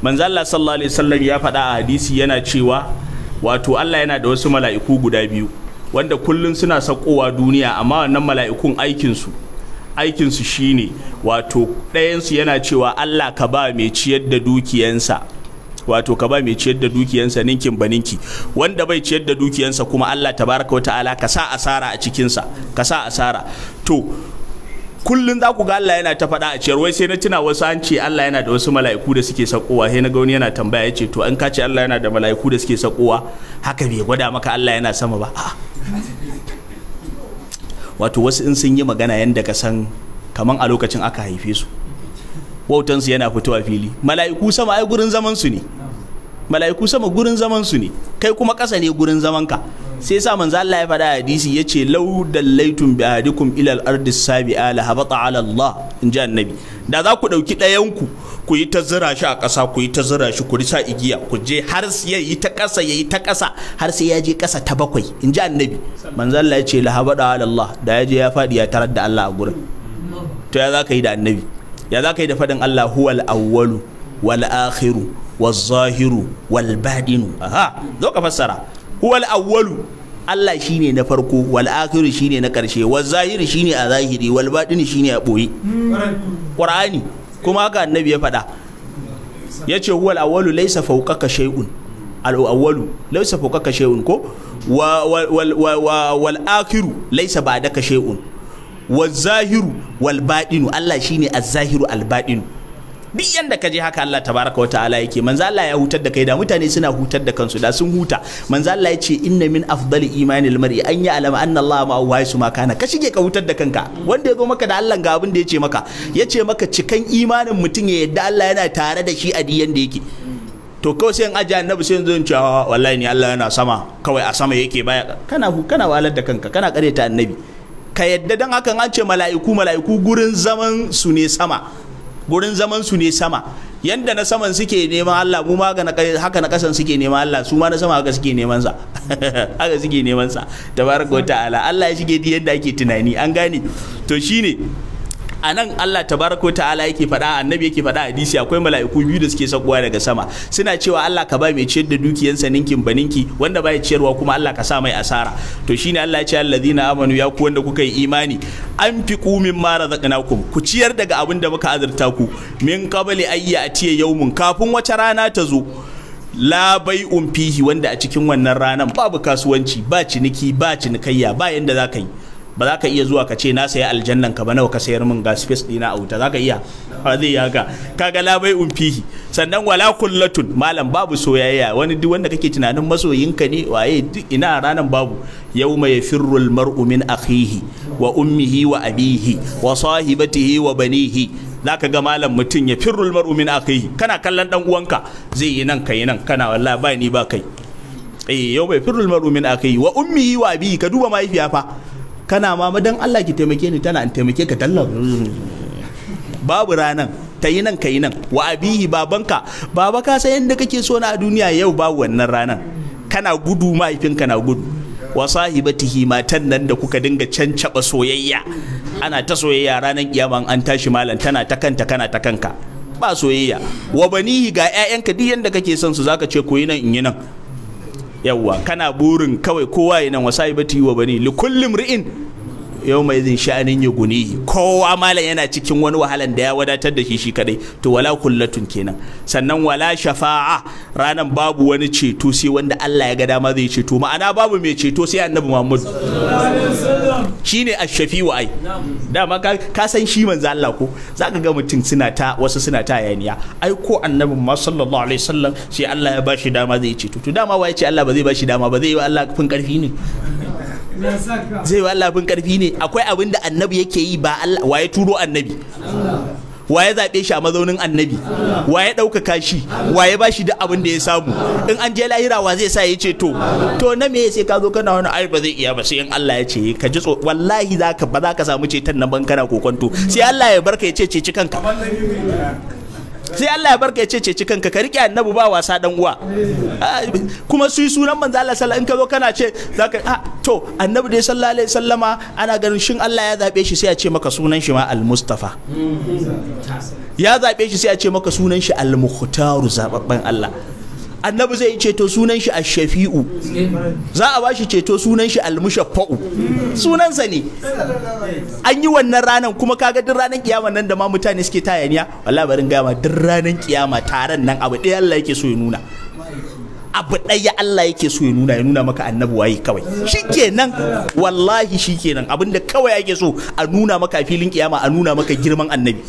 manzo Allah sallallahu alaihi wasallam ya faɗa a hadisi yana cewa wato Allah yana da wasu mala'iku guda biyu wanda kullum suna sakowa duniya amma wannan mala'ikun aikinsu aikinsu shine wato ɗayansu yana cewa allah ka ba mai ciyar da dukiyansa wato ka ba mai ciyar da dukiyansa ninkin ba wanda bai ciyar da dukiyansa kuma allah tabaraka wata ala ka sa asara a cikinsa ka sa asara to kullun za ku ga Allah yana ta faɗa a ciyar wai sai na tuna wasu an ce Allah yana da wasu mala'iku da suke sakowa sai na ga wani yana tambaya ya ce to an kace Allah yana da mala'iku da suke sakowa haka bai gwada maka Allah yana sama ba a wato wasu in sun yi magana yanda ka san kaman a lokacin aka haife su wautansu yana fitowa fili mala'iku sama ai gurin zaman su ne mala'iku sama gurin zaman su ne kai kuma ƙasa ne gurin zaman ka sai sa manzo Allah ya faɗa hadisi yace law dallaitum bi ahadikum ila al-ardi sabi'a la habata ala Allah in ji annabi da za ku ɗauki ɗayan ku ku yi ta zira shi a ƙasa ku yi ta zira shi ku risa igiya ku je har sai yi ta ƙasa yayi ta ƙasa har sai ya je ƙasa ta bakwai in ji annabi manzo Allah ya ce la habata ala Allah da ya je ya faɗi ya tarar da Allah a gurin to ya za ka yi da annabi ya za ka yi da faɗin Allah huwal awwalu wal akhiru wazahiru wal badinu aha zo ka fassara huwal awwalu Allah shine na farko wal akhiru shine na karshe wal zahiru shine a zahiri wal batini shine a boye qur'ani kuma haka annabi ya faɗa yace huwal awwalu laysa fawqaka shay'un al awwalu laysa fawqaka shay'un ko wa wal akhiru laysa ba'daka shay'un wal zahiru wal batinu Allah shine az zahiru al batinu duk yanda ka je haka Allah tabaraka wataala yake manzo Allah ya hutar da kai da mutane suna hutar da kansu da sun huta manzo Allah ya ce inna min afdali imanil mar'i an ya alama anna Allah ma wa su kana ka shige ka hutar da kanka wanda ya zo maka da Allah ga abin da ya ce maka ya ce maka cikan imanin mutum ya yadda Allah yana tare da shi a diyan da yake to kawai sai an aje annabi sai zan ce wallahi ni Allah yana sama kawai a sama yake baya kana kana walar da kanka kana kareta annabi ka yadda dan hakan an ce mala'iku mala'iku gurin zaman su ne sama gurin zaman su ne sama yanda na saman suke neman Allah mu ma haka na kasan suke neman Allah su ma na sama haka suke neman sa haka suke neman sa tabaraka ta'ala Allah ya shige yadda ake tunani an gane to shine a nan Allah tabaraka ta'ala yake faɗa annabi yake faɗa hadisi akwai mala'iku biyu da suke sakuwa daga sama suna cewa Allah ka ba mai ciyar da sa ninkin baninki wanda baya ciyarwa kuma Allah ka sa mai asara to shine Allah ya ce allazina amanu ya ku wanda kuka yi imani an fi kumin mara razaqnakum ku ciyar daga abin da muka azurta ku min qabli ayya atiya yawmun kafin wata rana ta zo la bai umfihi wanda a cikin wannan ranan babu kasuwanci ba ciniki ba cinikayya ba yanda za ka yi ba za ka iya zuwa ka ce na sayi aljannan ka ba nawa ka sayar min ga space dina a wuta za ka iya ba zai yi haka kaga labai umfihi sannan wala kullatun malam babu soyayya wani duk wanda kake tunanin masoyinka ne waye duk ina ranan babu yawma yafirru almar'u min akhihi wa ummihi wa abihi wa sahibatihi wa banihi ka ga malam mutum ya firru almar'u min akhihi kana kallon dan uwanka zai yi nan kai nan kana wallahi ba ni ba kai eh mai yafirru almar'u min akhihi wa ummihi wa abihi ka duba mahaifiya fa kana mama dan Allah ki taimake ni tana in taimake ka tallan babu ranan ta yi nan ka yi nan wa abihi babanka baba ka san yadda kake so na a duniya yau babu wannan ranan kana gudu mahaifinka na gudu wa sahibatihi matan nan da kuka dinga cancaba soyayya ana ta soyayya ranan kiyama an tashi malam tana ta kanta kana ta kanka ba soyayya wa banihi ga 'ya'yanka duk yadda kake son su zaka ce koyi nan in yi nan yawwa kana burin kawai kowa ya nan wasa ibati wa bani li kullum ri'in yau mai zin sha'anin ya guni kowa malam yana cikin wani wahalan da ya wadatar da shi shi kadai to wala kullatun kenan sannan wala shafa'a ranan babu wani ceto sai wanda Allah ya ga dama zai ceto ma'ana babu mai ceto sai annabi Muhammad shine ash wa ai dama ka san shi manzo Allah ko zaka ga mutum suna ta wasu suna ta yaniya ai ko annabi ma sallallahu alaihi wasallam sai Allah ya bashi dama zai ceto to dama wai ce Allah ba zai bashi dama ba zai yi Allah kafin karfi ne zai wa Allah bin karfi ne akwai abin da annabi yake yi ba Allah waye turo annabi waye zaɓe shi a mazaunin annabi waye ɗaukaka shi waye ba shi duk abin da ya samu in an je lahira wa zai sa ya ce to to na me sai ka zo kana wani ai ba zai iya ba sai in Allah ya ce ka ji wallahi zaka ba za ka samu ceton nan ban kana kokonto sai Allah ya barka ya ce ce ci kanka sai Allah ya barka ya ce ce kanka ka riƙe annabi ba wasa dan uwa ah, kuma su sunan manzo Allah sallallahu in ka zo kana ce zaka a ah, to annabi dai sallallahu alaihi sallama ana ganin shin Allah ya zabe shi sai a ce maka sunan shi ma al-mustafa ya zabe shi sai a ce maka sunan shi al-mukhtaru zababban Allah annabi zai yi ceto sunan shi a shafiu za a bashi ceto sunan shi al sunan sunansa ne an yi wannan ranan kuma kaga duk ranan kiyama nan da ma mutane suke tayaniya wallahi barin ga ma duk ranan kiyama taron nan abu ɗaya Allah yake so ya nuna abu ɗaya Allah yake so ya nuna ya nuna maka annabi waye kawai shikenan wallahi shikenan abinda kawai yake so a nuna maka filin kiyama a nuna maka girman annabi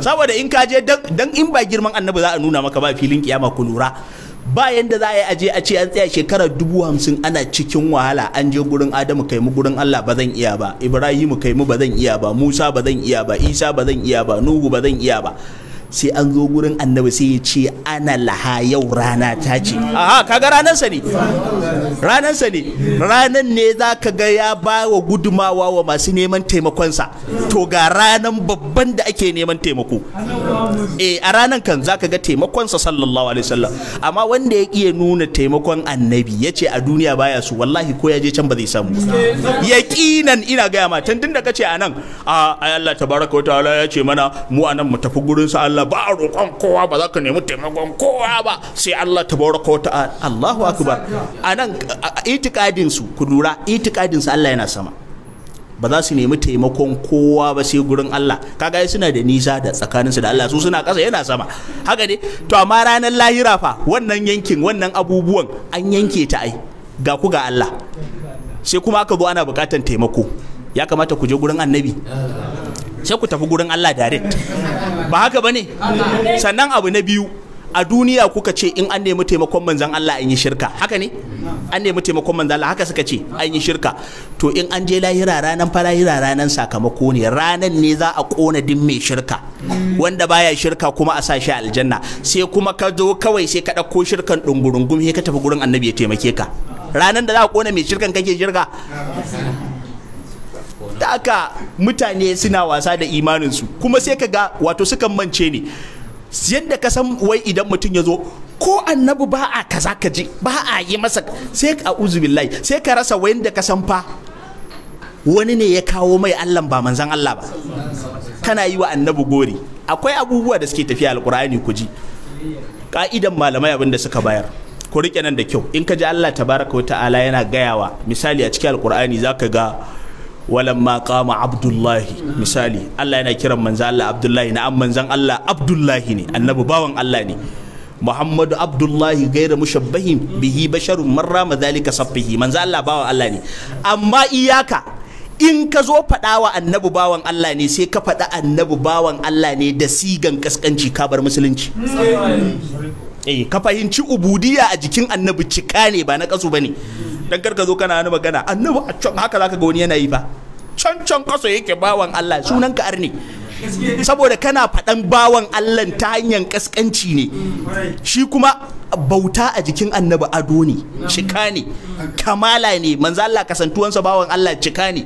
saboda in ka je dan in ba girman annabi za a nuna maka ba filin kiyama ku lura ba yanda za a yi aje a ce an tsaya shekarar dubu hamsin ana cikin wahala an je gurin adamu kai mu gurin allah ba zan iya ba ibrahimu kai mu ba zan iya ba musa ba zan iya ba isa ba zan iya ba nuhu ba zan iya ba sai an zo gurin annabi sai ya ce ana laha yau rana ta ce aha kaga ranansa ne ranarsa ne ranar ne za ka ga ya ba wa gudumawa wa masu neman taimakonsa to ga ranan babban da ake neman taimako eh a ranan kan za ka ga taimakonsa sallallahu alaihi wasallam amma wanda ya iya nuna taimakon annabi ya ce a duniya baya su wallahi ko ya je can ba zai samu yaqinan ina gaya ma tun da kace anan. nan a ah, Allah tabaraka wa ta'ala ya ce mana mu anan mu tafi gurin sa Allah ba a roƙon kowa ba za ka nemi taimakon kowa ba sai Allah tabaraka ko ta Allahu akbar anan itikadin su ku lura itikadin su Allah yana sama ba za su nemi taimakon kowa ba sai gurin Allah kaga suna da nisa da tsakanin su da Allah su suna ƙasa yana sama haka ne to amma ranar lahira fa wannan yankin wannan abubuwan an yanke ta ai ga ku ga Allah sai kuma aka zo ana buƙatar taimako ya kamata ku je gurin annabi sai ku tafi gurin Allah direct ba haka bane sannan abu na biyu a duniya kuka ce in an nemi taimakon manzan Allah an yi shirka haka ne an nemi taimakon manzan Allah haka suka ce an yi shirka to in an je lahira ranan fa lahira ranan sakamako ne ranan ne za a kona din mai shirka wanda baya shirka kuma a sa shi aljanna sai kuma ka zo kawai sai ka ɗauko shirkan dungurungum sai ka tafi gurin annabi ya taimake ka ranan da za a kona mai shirkan kake shirka da aka mutane suna wasa da imaninsu kuma sai ka ga wato sukan mance ne yadda ka san wai idan mutum ya zo ko annabi ba a kaza ka ji ba a yi masa sai ka billahi sai ka rasa da ka san fa wani ne ya kawo mai allan ba manzan Allah ba kana yi wa annabi gori akwai abubuwa da suke tafiya alkur'ani ku ji ka'idan malamai abin da suka bayar ku rike nan da kyau in ka ji Allah tabaraka wa ta'ala yana gayawa misali a cikin alkur'ani zaka ga walamma qama abdullahi misali Allah yana kiran manzan Allah abdullahi Allah abdullahi ne annabi bawan Allah ne Muhammadu Abdullahi gaira mushabbahin bihi basharu marra madhalika Allah bawan Allah ne amma iyaka in ka zo faɗa wa annabi bawan Allah ne sai ka faɗa annabi bawan Allah ne da sigan kaskanci ka bar musulunci Eh, ka fahimci ubudiya a jikin annabi cika ne ba na kasu bane dan karka zo kana wani magana annabi a can haka zaka ga wani yana yi ba can can kaso yake bawan Allah sunan ka arne saboda kana faɗan bawan Allah ta hanyar kaskanci ne shi kuma bauta a jikin annabi ado ne cika ne kamala ne manzo Allah kasantuwansa bawan Allah cika ne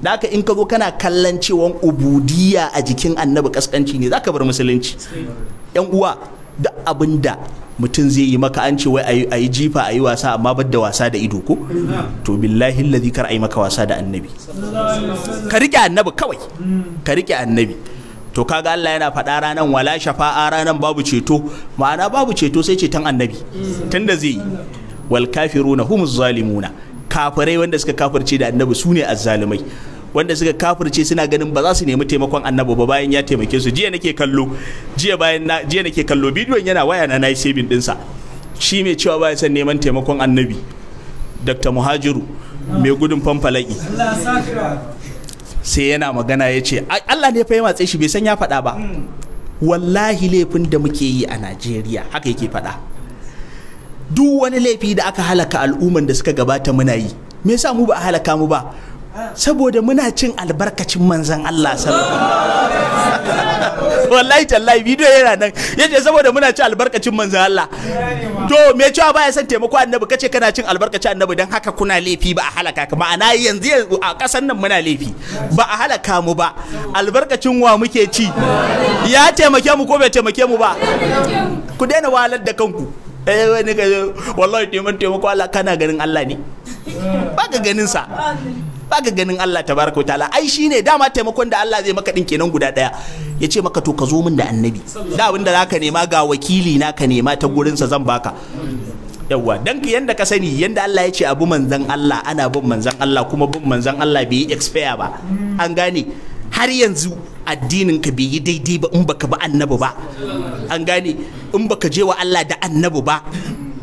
da haka in ka zo kana kallon cewa ubudiya a jikin annabi kaskanci ne zaka bar musulunci yan uwa duk abin da mutum zai yi maka an ce wai a yi jifa a yi wasa amma bar da wasa da ido ko to billahi lazi kar a yi maka wasa da annabi ka riƙe annabi kawai ka riƙe annabi to kaga Allah yana faɗa ranan wala shafa'a ranan babu ceto ma'ana babu ceto sai ceton annabi tunda zai yi wal kafiruna humuz zalimuna kafirai wanda suka kafirce da annabi su ne azzalimai wanda suka kafirce suna ganin ba za su nemi taimakon annabi ba bayan ya taimake su jiya nake kallo jiya bayan na jiya nake kallo bidiyon yana waya na nayi saving dinsa shi mai cewa ba ya son neman taimakon annabi Dr. Muhajiru mai gudun fanfalaki sai yana magana ya ce Allah ne fa ya matse shi bai san ya faɗa ba wallahi laifin da muke yi a Najeriya haka yake faɗa duk wani laifi da aka halaka al'umman da suka gabata muna yi me yasa mu ba a halaka mu ba saboda muna cin albarkacin manzan Allah wallahi tallahi bidiyo yana nan yace saboda muna cin albarkacin manzan Allah to me cewa baya son taimako annabi kace kana cin albarkacin annabi dan haka kuna laifi ba a halaka ka ma'ana yanzu a kasan nan muna laifi ba a halaka mu ba albarkacin wa muke ci ya taimake mu ko bai taimake mu ba ku daina wahalar da kanku eh wani ka wallahi taimakon Allah kana ganin Allah ne ba ka ganin sa baka ganin Allah tabaraka tala. ai ne dama taimakon da Allah zai maka din kenan guda daya ya ce maka to ka zo min da annabi da abin da ka nema ga wakili na ka nema ta gurinsa zan baka yawwa dan yanda ka sani yanda Allah ya ce abu manzan Allah ana bin manzan Allah kuma bin manzan Allah bai expire ba an gane har yanzu addinin ka bai yi daidai ba in baka ba annabi ba an gane in baka je wa Allah da annabi ba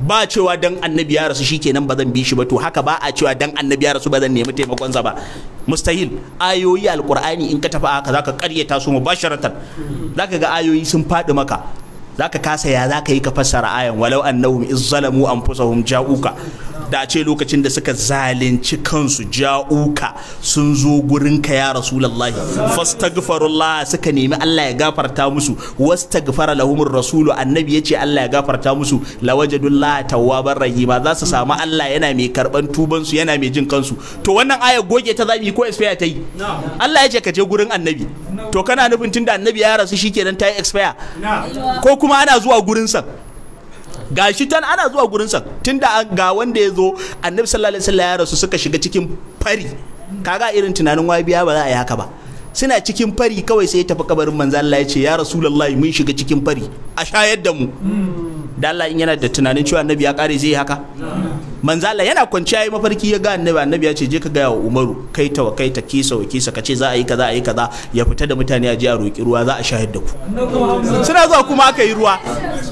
ba cewa dan annabi ya rasu shikenan ba zan bi shi ba to haka ba a cewa dan annabi ya rasu ba zan nemi taimakon sa ba mustahil ayoyi alqur'ani in ka tafi haka zaka karyata su mubasharatan zaka ga ayoyi sun faɗi maka Za ka kasa ya za ka yi ka fassara ayan walau annahum izzalamu anfusahum ja'uka da ce lokacin da suka zalunci kansu ja'uka sun zo gurin ka ya rasulullahi fastaghfirullah suka nemi Allah ya gafarta musu wastaghfara lahumin rasulu annabi yace Allah ya gafarta musu lawajadullah tawwabar rahima za su samu Allah yana mai karban tuban su yana mai jin kansu to wannan aya goge ta zabi ko expire ta yi Allah ya ce ka je gurin annabi to kana nufin tunda annabi ya rasu shikenan ta yi expire ko kuma ana zuwa gurinsa ga shi tan ana zuwa gurin gurinsa tunda ga wanda ya zo annabi sallallahu alaihi wasallam ya rasu suka shiga cikin fari kaga irin tunanin wabiya ba za a yi haka ba suna cikin fari kawai sai ya tafi kabarin manzo Allah ya ce ya rasulullahi mun shiga cikin fari a shayar da mu hmm. da Allah in yana da tunanin cewa annabi ya kare zai haka manzo Allah yana kwanciya yayi mafarki ya ga annabi annabi ya ce je ka ga wa Umaru kai ta kai ta kisa wa kisa kace za a yi kaza a yi kaza ya fita da mutane a je a roki ruwa za a shahid da ku suna zuwa kuma aka yi ruwa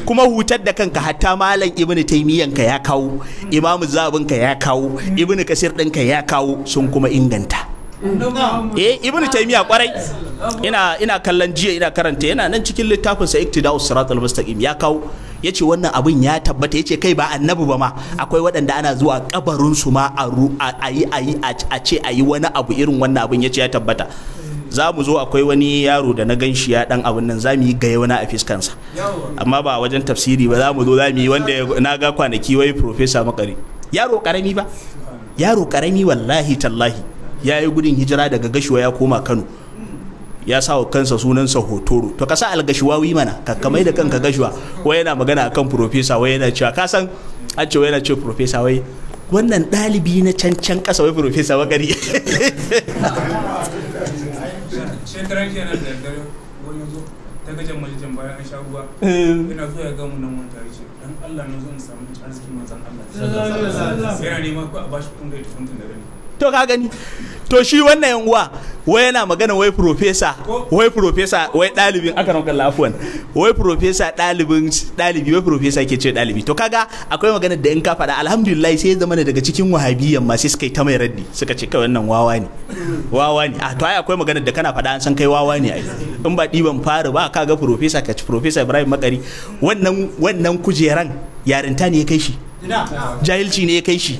kuma hutar da kanka hatta malam ibnu taymiyan ka ya kawo imamu zabin ka ya kawo ibnu kasir din ka ya kawo sun kuma inganta eh ibnu taymiya kwarai ina ina kallon jiya ina karanta yana nan cikin littafin sa iktida'u siratal mustaqim ya kawo yace wannan abin ya tabbata yace kai ba annabi ba ma akwai waɗanda ana zuwa kabarin su ma a ayi ayi a ce ayi wani abu irin wannan abin yace ya tabbata za mu zo akwai wani yaro da na ganshi ya dan abin nan za yi gaya wani a fiskansa amma ba wajen tafsiri ba za mu zo za yi wanda na ga kwanaki wai professor makari yaro karami ba yaro karami wallahi tallahi ya yi gudun hijira daga gashiwa ya koma kano ya sa wa kansa sunansa hotoro to ka sa algashuwawi mana ka kamai da kanka gashuwa wai yana magana akan profesa wai yana cewa ka san an ce wai yana cewa profesa wai wannan dalibi na can can ƙasa wai profesa wa gari ta gajen bayan an eh. zuwa gamu nan wani Allah na zo samu Allah yana ko a bashi to ka gani to shi wannan yan uwa wai yana magana wai profesa wai profesa wai dalibin aka ranka lafuwan wai profesa dalibin dalibi wai profesa ke ce dalibi to kaga akwai magana da in ka faɗa alhamdulillah sai zama daga cikin wahabiyyan ma sai suka yi ta mai raddi suka ce kai wannan wawa ne wawa ne a ah, to ai akwai magana da kana faɗa an san kai wawa ne ai in ba diban fara ba kaga profesa ka ci profesa Ibrahim Makari wannan wannan kujeran yarinta ne ya kai shi jahilci ne ya kai shi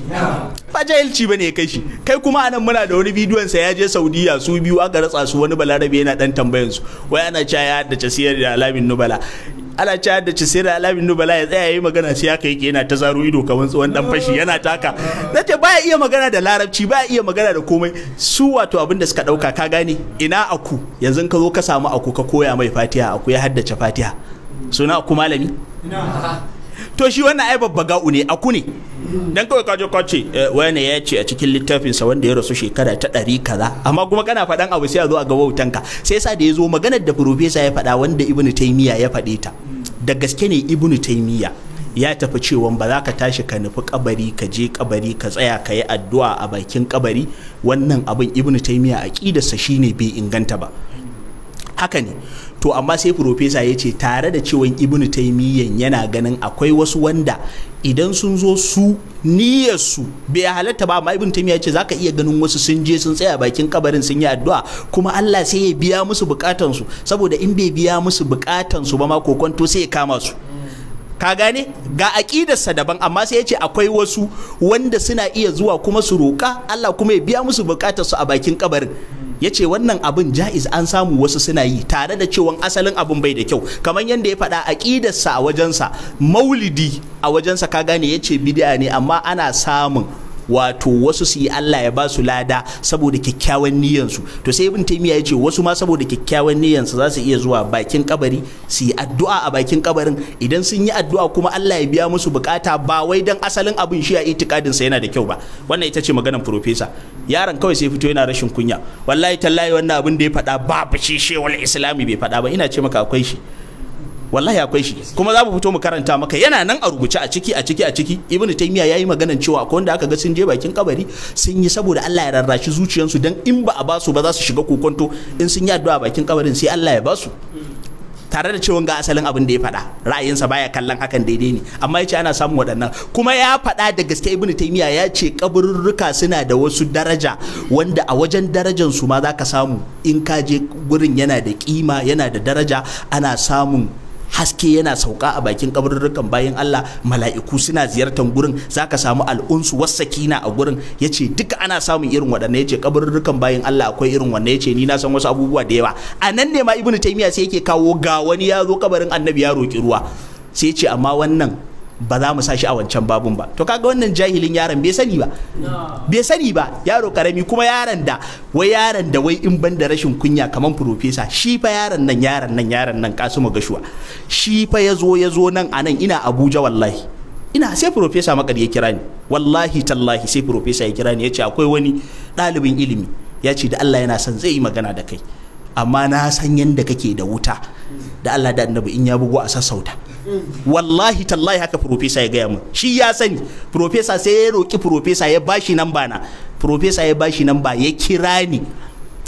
ba jahilci ba ne ya kai shi kai kuma anan muna da wani bidiyon sa ya je saudiya su biyu aka ratsa su wani balarabe yana dan tambayan su wai ana cewa ya da casiyar da alamin nubala ana cewa da da alamin nubala ya tsaya yayi magana sai aka yi yana ta zaro ido kamar tsohon dan fashi yana taka nace baya iya magana da larabci baya iya magana da komai su wato abin da suka dauka ka gane ina aku yanzu ka zo ka samu aku ka koya mai fatiha aku ya haddace fatiha suna aku malami to shi wannan ai babba ga'u ne aku ne dan kawai kaje ka ce eh, wani ya ce a cikin littafinsa wanda ya rasu shekara ta ɗari kaza amma kuma kana faɗan abu sai a zo a ga ka sai sa da ya zo maganar da profesa ya faɗa wanda ibnu taymiya ya faɗe ta da gaske ne ibnu taymiya ya tafi cewa ba za ka tashi ka nufi kabari ka je kabari ka tsaya ka yi addu'a a bakin kabari wannan abin ibnu taymiya aqidarsa shine bai inganta ba haka ne to amma sai profesa ya ce tare da cewa ibnu taimiyyan yana ganin akwai wasu wanda idan sun zo su niyyarsu bai halatta ba amma ibn taimiyya ce zaka iya ganin wasu sun je sun tsaya bakin kabarin sun yi addu'a kuma Allah sai ya biya musu bukatan saboda in bai biya musu bukatan su ba ma kokonto sai ya kama su ka gane ga aƙidarsa daban amma sai yace akwai wasu wanda suna iya zuwa kuma su roƙa Allah kuma ya biya musu bukatar su a bakin kabarin ya ce wannan abin ja'iz an samu wasu suna yi tare da cewa asalin abin bai da kyau kamar yadda ya faɗa aƙidarsa a wajensa maulidi a wajensa ka gane ya ce bidi'a ne amma ana samun wato wasu su yi Allah ya ba su lada saboda kyakkyawan niyyansu to sai ibn taymiya ce wasu ma saboda kyakkyawan niyyansu za su iya zuwa bakin kabari su yi addu'a a bakin kabarin idan sun yi addu'a kuma Allah ya biya musu bukata ba wai dan asalin abin shi a itikadin sa yana da kyau ba wannan ita ce maganar profesa yaron kawai sai fito yana rashin kunya wallahi tallahi wannan abin da ya faɗa ba shi shewal islami bai faɗa ba ina ce maka akwai shi wallahi akwai shi kuma za mu fito mu karanta maka yana nan a rubuce a ciki a ciki a ciki ibn taymiya yayi maganan cewa akwai wanda aka ga sun je bakin kabari sun yi saboda Allah ya rarrashi zuciyansu dan in ba a basu ba za su shiga kokonto in sun yi addu'a bakin kabarin sai Allah ya su tare da cewa ga asalin abin da ya faɗa ra'ayinsa baya kallon hakan daidai ne amma ya ce ana samun waɗannan kuma ya faɗa da gaske ibn taymiya ya ce kaburruka suna da wasu daraja wanda a wajen darajan su ma za ka samu in ka je gurin yana da kima yana da daraja ana samun haske yana sauka a bakin kabarurrukan bayan Allah mala'iku suna ziyartar gurin zaka samu al'unsu wasakina a gurin yace duka ana samun irin waɗannan yace kabarurrukan bayan Allah akwai irin wannan yace ni na san wasu abubuwa da yawa a nan ne ma ibnu taymiya sai yake kawo ga wani ya zo kabarin annabi ya roki ruwa sai ce amma wannan ba za mu sa shi a wancan babun ba to kaga wannan jahilin yaron bai sani ba bai sani ba yaro karami kuma yaron da wai yaron da wai in ban da rashin kunya kaman profesa shi fa yaron nan yaron nan yaron nan kasuma gashuwa shi fa ya zo nan anan ina abuja wallahi ina sai profesa makar ya kira ni wallahi tallahi sai profesa ya kira ni ya ce akwai wani ɗalibin ilimi ya ce da allah yana son zai yi magana da kai amma na san yadda kake da wuta da allah da annabi in ya bugo a sassauta wallahi tallahi haka profesa ya gaya mu shi ya sani profesa sai ya roki profesa ya bashi nan na profesa ya bashi namba ya kira ni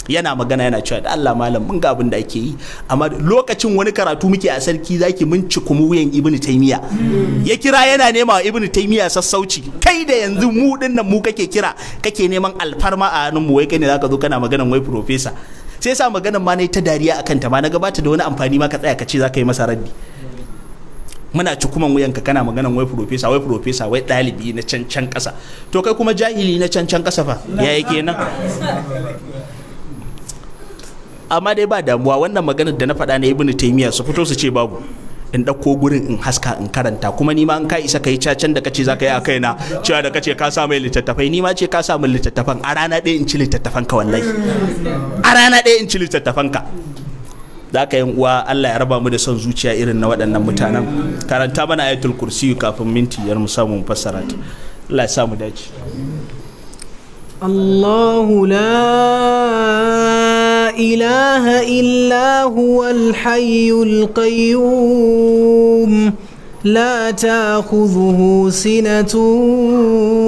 yana magana yana cewa da Allah malam mun ga abin da ake yi amma lokacin wani karatu muke a sarki zaki mun ci kuma wuyan ibnu taymiya ya kira yana nema wa ibnu taymiya sassauci kai da yanzu mu nan mu kake kira kake neman alfarma a hannun mu wai kai ne zaka zo kana magana wai profesa sai sa magana ma nayi ta dariya akan ta ma na gabata da wani amfani ma ka tsaya ka ce zaka yi masa rabbi muna ci kuma wuyanka kana magana wai profesa wai profesa wai ɗalibi na can can ƙasa to kai kuma jahili na can can ƙasa fa ya yi kenan amma dai ba damuwa wannan maganar da na faɗa na ibnu taymiya su fito su ce babu in ɗauko gurin in haska in karanta kuma ni ma ka isa kai cacen da kace zaka yi a kaina cewa da kace ka samu littattafai ni ma ce ka samu littattafan a rana ɗaya in ci littattafan ka wallahi a rana ɗaya in ci littattafan ka da aka yin uwa Allah ya raba mu da son zuciya irin na waɗannan mutanen karanta mana ayatul kursi kafin minti yar mu samu fassara ta Allah ya sa mu dace Allahu la ilaha illa huwal hayyul qayyum لا تاخذه سنه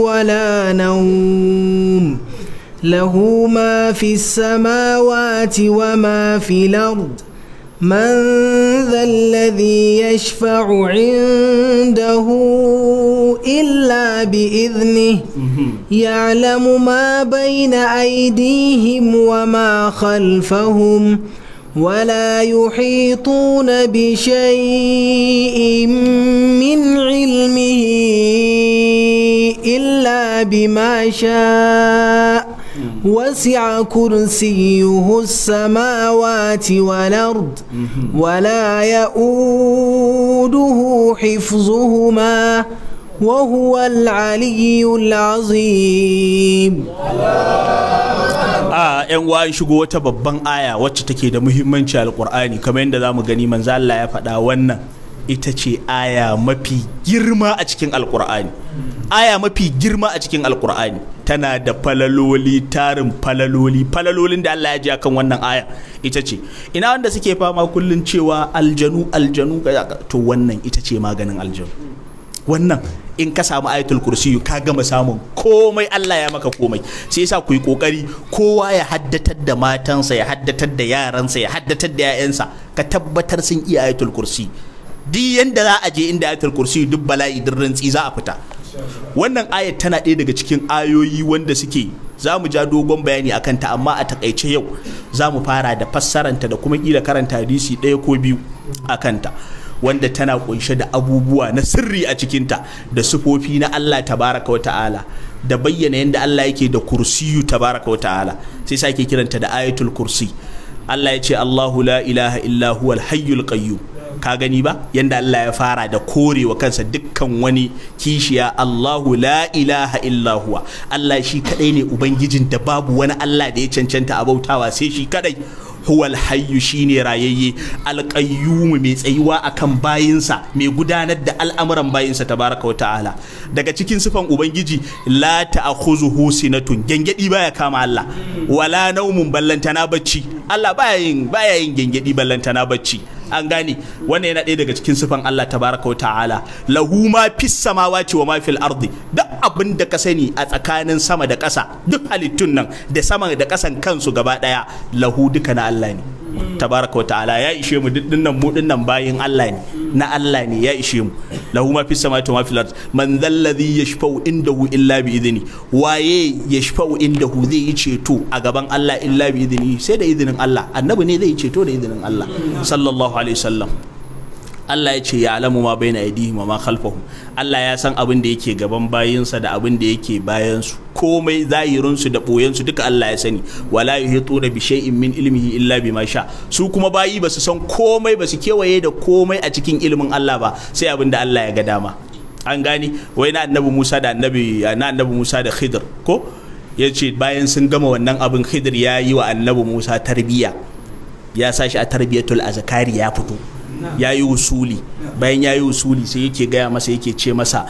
ولا نوم له ما في السماوات وما في الارض من ذا الذي يشفع عنده إلا بإذنه يعلم ما بين أيديهم وما خلفهم ولا يحيطون بشيء من علمه إلا بما شاء وسع كرسيه السماوات والأرض ولا يؤوده حفظهما وهو العلي العظيم a yan wayan shigo wata babban aya wacce take da muhimmanci alkur'ani kamar yadda za mu gani manzo Allah ya faɗa wannan ita ce aya mafi girma a cikin alkur'ani aya mafi girma a cikin alkur'ani tana da falaloli tarin falaloli falalolin da Allah ya ji kan wannan aya ita ce ina wanda suke fama kullun cewa aljanu aljanu to wannan ita ce maganin aljanu wannan in ka samu ayatul kursi ka gama samun komai Allah ya maka komai sai yasa ku yi kokari kowa ya haddatar da matansa ya haddatar da yaransa ya haddatar da 'ya'yansa ka tabbatar sun iya ayatul kursi duk yanda za a je inda ayatul kursi duk bala'i duk rantsi za a fita wannan ayat tana ɗaya daga cikin ayoyi wanda suke za mu ja dogon bayani akan ta amma a takaice yau za mu fara da fassaranta da kuma kila karanta hadisi ɗaya ko biyu akan ta wanda tana kunshe da abubuwa na sirri a cikinta da sufofi na Allah tabaraka wa ta'ala da bayyana yadda Allah yake da kursiyu tabaraka wa ta'ala sai sake kiranta da ayatul kursi Allah ya ce Allahu la ilaha illa huwal hayyul qayyum ka gani ba yanda Allah ya fara da kore wa kansa dukkan wani kishiya Allahu la ilaha illa huwa Allah shi kadai ne ubangijin da babu wani Allah da ya cancanta a sai shi kadai huwal hayyu shine rayayye alqayyum mai tsayuwa akan bayinsa mai gudanar da al'amuran bayinsa tabaraka wa ta'ala daga cikin sifan ubangiji la ta'khuzuhu sinatun gengedi baya kama Allah wala naumun ballantana bacci Allah baya yin baya yin gengedi ballantana bacci an gane wannan yana ɗaya daga cikin sifan Allah tabaraka ta'ala lahu ma fis samawati wa ma fil ardi duk abin da ka sani a tsakanin sama da ƙasa duk halittun nan da sama da ƙasan kansu gaba ɗaya lahu duka na Allah ne tabaraka ta'ala ya ishe mu duk nan mu dinnan bayin Allah ne na Allah ne ya ishe mu lahu ma fis samawati wa ma fil ard man dhal ladhi yashfa'u indahu illa bi idni waye yashfa'u indahu zai yi ceto a gaban Allah illa bi idni sai da idinin Allah annabi ne zai yi ceto da idinin Allah sallallahu alaihi wasallam Allah ya ce ya alamu ma bai na aidihim ma khalfahum Allah ya san abin da yake gaban bayinsa da abin da yake bayansu komai zahirinsu da su duka Allah ya sani wala yuhituna da shay'in min ilmihi illa bima sha su kuma bayi ba su san komai ba su kewaye da komai a cikin ilimin Allah ba sai abin da Allah ya ga dama an gani wai na annabi Musa da annabi na annabi Musa da Khidr ko ya ce bayan sun gama wannan abin Khidr ya yi wa annabi Musa tarbiya ya sashi a tarbiyatul azkari ya fito ya yi usuli bayan ya yi usuli sai yake gaya masa yake ce masa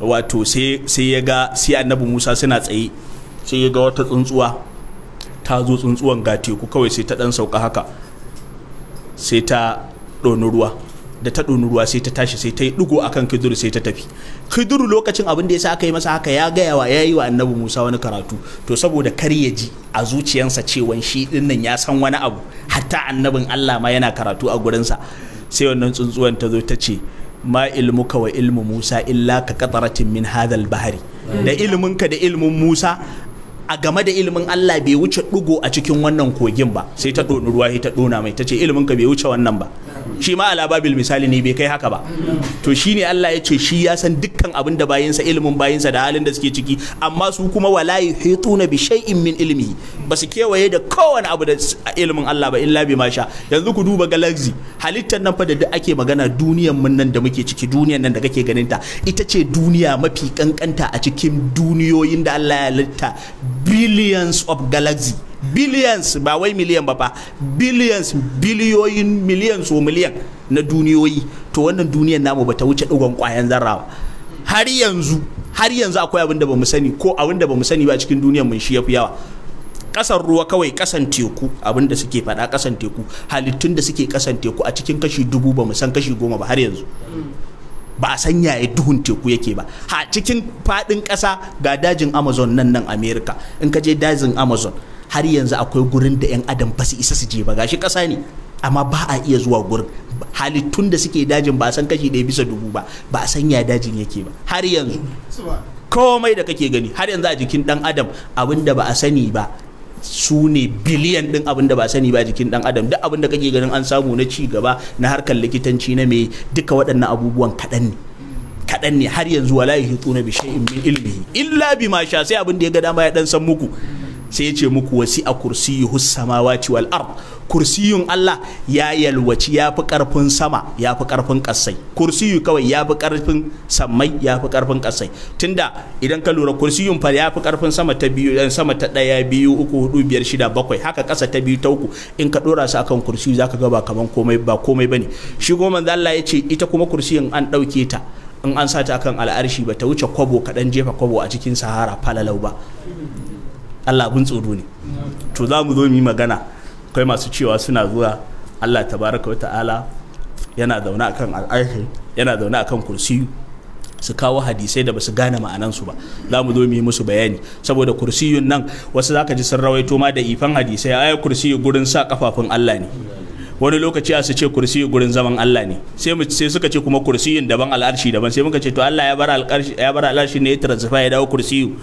wato sai ya ga sai annabi musa suna tsaye sai ya ga wata tsuntsuwa ta zo tsuntsuwan ga teku kawai sai ta dan sauka haka sai ta ɗoni ruwa da ta ɗoni ruwa sai ta tashi sai ta yi ɗigo akan kiduru sai ta tafi kiduru lokacin abin da ya sa aka yi masa haka ya gaya wa ya yi wa annabi musa wani karatu to saboda kar ya ji a zuciyansa cewan shi ɗinnan ya san wani abu hatta annabin allah ma yana karatu a gurinsa sai wannan tsuntsuwan ta zo ta ce ma ilmuka wa ilmu Musa illa ka katsaratin min hadal bahari mm. da ilminka da ilmin Musa a game da ilmin Allah bai wuce ɗigo a cikin wannan kogin ba sai ta ɗoni ruwa ta ɗona mai ta ce ilimin bai wuce wannan ba shi ma alababil misali ne bai kai haka ba to shi ne Allah ya ce shi ya san dukkan abin da bayinsa ilmin bayinsa da halin da suke ciki amma su kuma wala yuhituna bi shay'in min ilmi ba su kewaye da kowane abu da ilimin Allah ba illa bi masha yanzu ku duba galaxy halittar nan fa da ake magana duniyar mun nan da muke ciki duniyar nan da kake ganin ta ita ce duniya mafi kankanta a cikin duniyoyin da Allah ya halitta billions of galaxy billions ba wai miliyan ba fa billions biliyoyin miliyan so miliyan na duniyoyi to wannan duniyar namu ta wuce digon kwayan zarra har yanzu har yanzu akwai abinda da bamu sani ko abin da bamu sani ba cikin duniyar mun shi yafi yawa ƙasan ruwa kawai kasan teku abin da suke faɗa kasan teku halittun da suke ƙasan teku a cikin kashi dubu ba mu san kashi goma ba har yanzu ba a san yaya duhun teku yake ba ha cikin faɗin ƙasa ga dajin amazon nan nan america in ka je dajin amazon har yanzu akwai gurin da 'yan adam ba su isa su je ba gashi ƙasa ne amma ba a iya zuwa gurin halittun da suke dajin ba san kashi ɗaya bisa dubu ba ba san sanya dajin yake ba har yanzu komai da kake gani har yanzu a jikin ɗan adam abin da ba a sani ba su ne biliyan din abin da ba sani ba jikin dan adam duk abin da kake ganin an samu na ci gaba na harkar likitanci na mai duka waɗannan abubuwan kaɗan ne kaɗan ne har yanzu wala na bi in min ilmi illa ma sha sai abin da ya ga dama ya dan san muku sai ya ce muku wasi a kursiyyuhu samawati wal ard kursiyun Allah ya yalwaci ya fi ƙarfin sama ya fi ƙarfin ƙasai kursiyu kawai ya fi ƙarfin sammai ya fi ƙarfin ƙasai tunda idan ka lura kursiyun fa ya fi ƙarfin sama ta biyu dan eh, sama ta daya biyu uku hudu biyar shida bakwai haka ƙasa ta biyu ta uku in ka dora su akan kursiyu zaka ga ba kaman komai ba komai bane shi goma manzo Allah ya ce ita kuma kursiyun an ɗauke ta in an sata akan al'arshi ba ta wuce kwabo kaɗan jefa kwabo a cikin sahara falalau ba Allah abin tsoro ne to za mu zo mu yi magana akwai masu cewa suna zuwa Allah tabaraka wa ta'ala yana zaune akan al'arshi yana zaune akan kursiyu su kawo hadisai da basu gane ma'anansu ba za mu zo mu yi musu bayani saboda kursiyun nan wasu zaka ji sun rawaito ma da ifan hadisai ayi kursiyu gurin sa kafafun Allah ne wani lokaci a su ce kursiyu gurin zaman Allah ne sai mu sai suka ce kuma kursiyun daban al'arshi daban sai muka ce to Allah ya bar al'arshi ya bar al'arshi ne ya transfer ya dawo kursiyu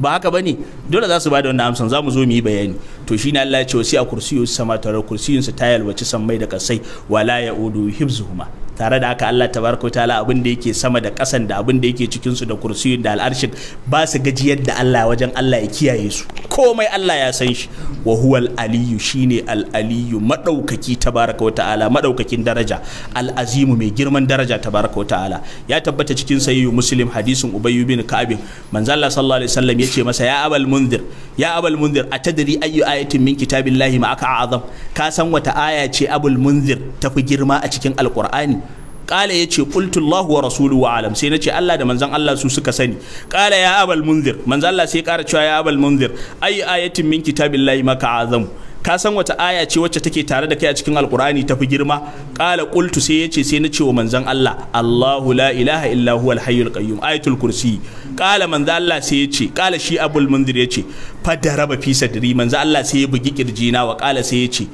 ba haka ba ne dole za su ba da wannan amsan za mu zo mu yi bayani to shi ne Allah ya ce wasi a kursiyu sama tare kursiyun su ta yalwaci mai da kasai wala ya udu hibzuhuma tare da haka Allah tabaraka ta'ala abin da yake sama da kasan da abin da yake cikin su da kursiyin da al'arshin ba su gajiyar da Allah wajen Allah ya kiyaye su komai Allah ya san shi wa huwal aliyu shine al aliyu madaukaki tabaraka ta'ala madaukakin daraja al azimu mai girman daraja tabaraka ta'ala ya tabbata cikin sahihu muslim hadisin ubayyu bin ka'ab manzo Allah sallallahu alaihi wasallam yace masa ya abal munzir ya abal munzir atadri ayyu ayatin min kitabillahi ma aka azam ka san wata aya ce abul munzir tafi girma a cikin alqur'ani qala yace qultu Allah wa rasuluhu alam sai nace Allah da manzon Allah su suka sani qala ya abal munzir manzon Allah sai kara cewa ya abal munzir ay ayatin min kitabillahi maka azamu ka san wata aya ce wacce take tare da kai a cikin alkurani tafi girma qala qultu sai yace sai na ce wa manzon Allah Allahu la ilaha illa huwal hayyul qayyum ayatul kursi qala manzon Allah sai yace kala shi abul munzir yace fadaraba fi sadri manzon Allah sai ya bugi kirji na wa kala sai yace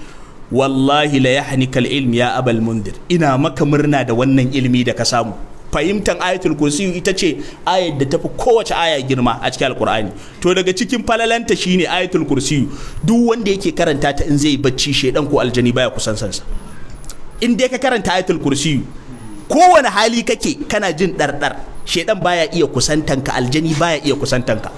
wallahi la yahnikal ilm ya abal mundir ina maka murna da wannan ilmi da ka samu fahimtar ayatul kursi ita ce ayat da tafi kowace aya girma a cikin alkur'ani to daga cikin falalanta shine ayatul kursi duk wanda yake karanta ta in zai bacci shedan ko aljani baya kusan sansa in dai ka karanta ayatul kursi kowane hali kake kana jin dardar shedan baya iya kusantanka aljani baya iya kusantanka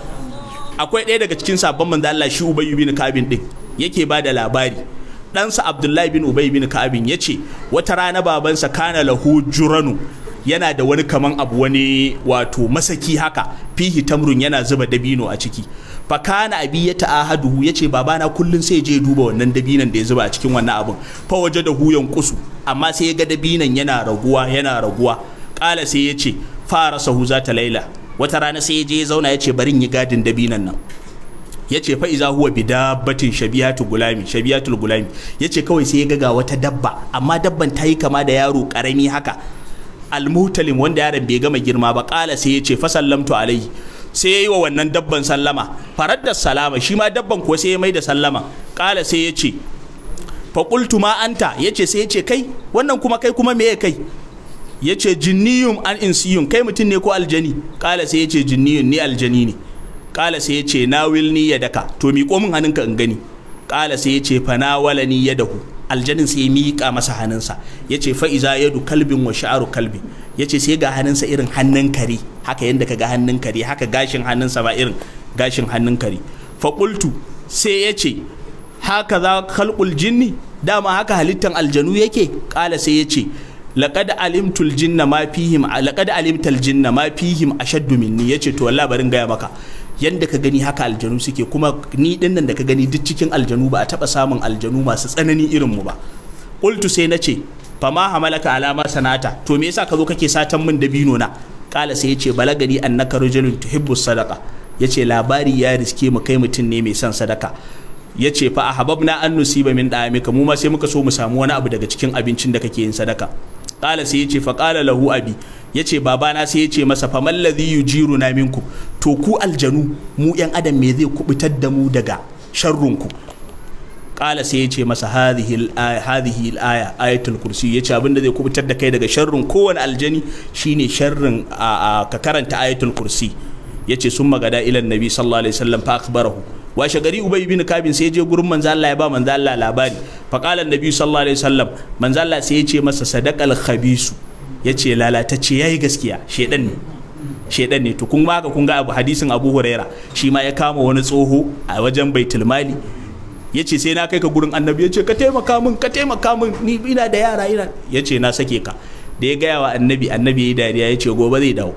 akwai ɗaya daga cikin sabon manzo Allah shi ubayyu bin Kabin din yake bada labari ɗansa abdullahi bin ubay bin ka'abin ya ce wata rana babansa kana lahu juranu yana da wani kaman abu wani wato masaki haka fihi tamrun yana zuba dabino a ciki fakana abi ya ta'ahadu ya ce babana kullum sai je duba wannan dabinan da ya zuba a cikin wannan abin fa waje da huyan kusu amma sai ya ga dabinan yana raguwa yana raguwa kala sai ya ce fara sahu za ta laila wata rana sai ya je ya zauna ya ce barin yi gadin dabinan nan yace fa iza huwa bidabbatin shabiyatu gulami shabiyatul gulami ya ce kawai sai ya ga wata dabba amma dabban ta yi kama da yaro karami haka almutalim wanda yaron bai gama girma ba kala sai ce fa sallamtu alaihi sai ya yi wa wannan dabban sallama farar da salama shi ma dabban kuwa sai ya mai da sallama kala sai ya ce faƙultu ma anta ya ce sai ya ce kai wannan kuma kai kuma meye kai ya ce jinniyun an insiyun kai mutum ne ko aljani kala sai ya ce jinniyun ni aljani ne kala sai ya ce na wilni ya daka to miƙo min hannunka in gani kala sai ya ce fa na wala ni ya dahu aljanin sai ya miƙa masa hannunsa ya ce fa iza yadu kalbin wa sha'aru kalbi ya ce sai ga hannunsa irin hannun kare haka yadda ka ga hannun kare haka gashin hannunsa ba irin gashin hannun kare fa sai ya ce haka za kalkul jinni dama haka halittan aljanu yake kala sai ya ce laqad alimtul jinna ma fihim laqad alimtal jinna ma fihim ashaddu minni yace to wallahi barin gaya maka yadda ka gani haka aljanu suke kuma ni din nan da ka gani duk cikin aljanu ba a taɓa samun aljanu masu tsanani irin mu ba qultu sai nace fama hamalaka alama sanata to me yasa ka zo kake satan min dabino na kala sai yace balagani annaka rajulun tuhibbu sadaqa yace labari ya riske mu kai mutum ne mai son sadaka ya ce fa habab an nusiba min da'amika mu ma sai muka so mu samu wani abu daga cikin abincin da kake yin sadaka qala sai yace fa qala lahu abi yace babana sai yace masa fa mallazi yujiruna minkum to ku aljanu mu yan adam me zai kubutar da mu daga sharrunku kala sai ya ce masa hadhihi al ayatul kursi ya ce abinda zai kubutar da kai daga sharrin kowane aljani shine sharrin ka karanta ayatul kursi yace sun magada ilan nabi sallallahu alaihi wasallam fa akhbarahu washe gari ubay bin kabin sai je gurin manzo Allah ya ba manzo Allah labari fa qala nabi sallallahu alaihi wasallam manzo Allah sai ce masa sadaqal khabisu ce lalatacce yayi gaskiya shedan ne shedan ne to kun ga kun ga abu hadisin Abu Huraira shi ma ya kama wani tsoho a wajen Baitul Mali ya ce sai na kai ka gurin annabi ya ce ka taimaka min ka taimaka min ni ina da yara ina ya ce na sake ka da ya gaya wa annabi annabi ya yi dariya ya ce gobe zai dawo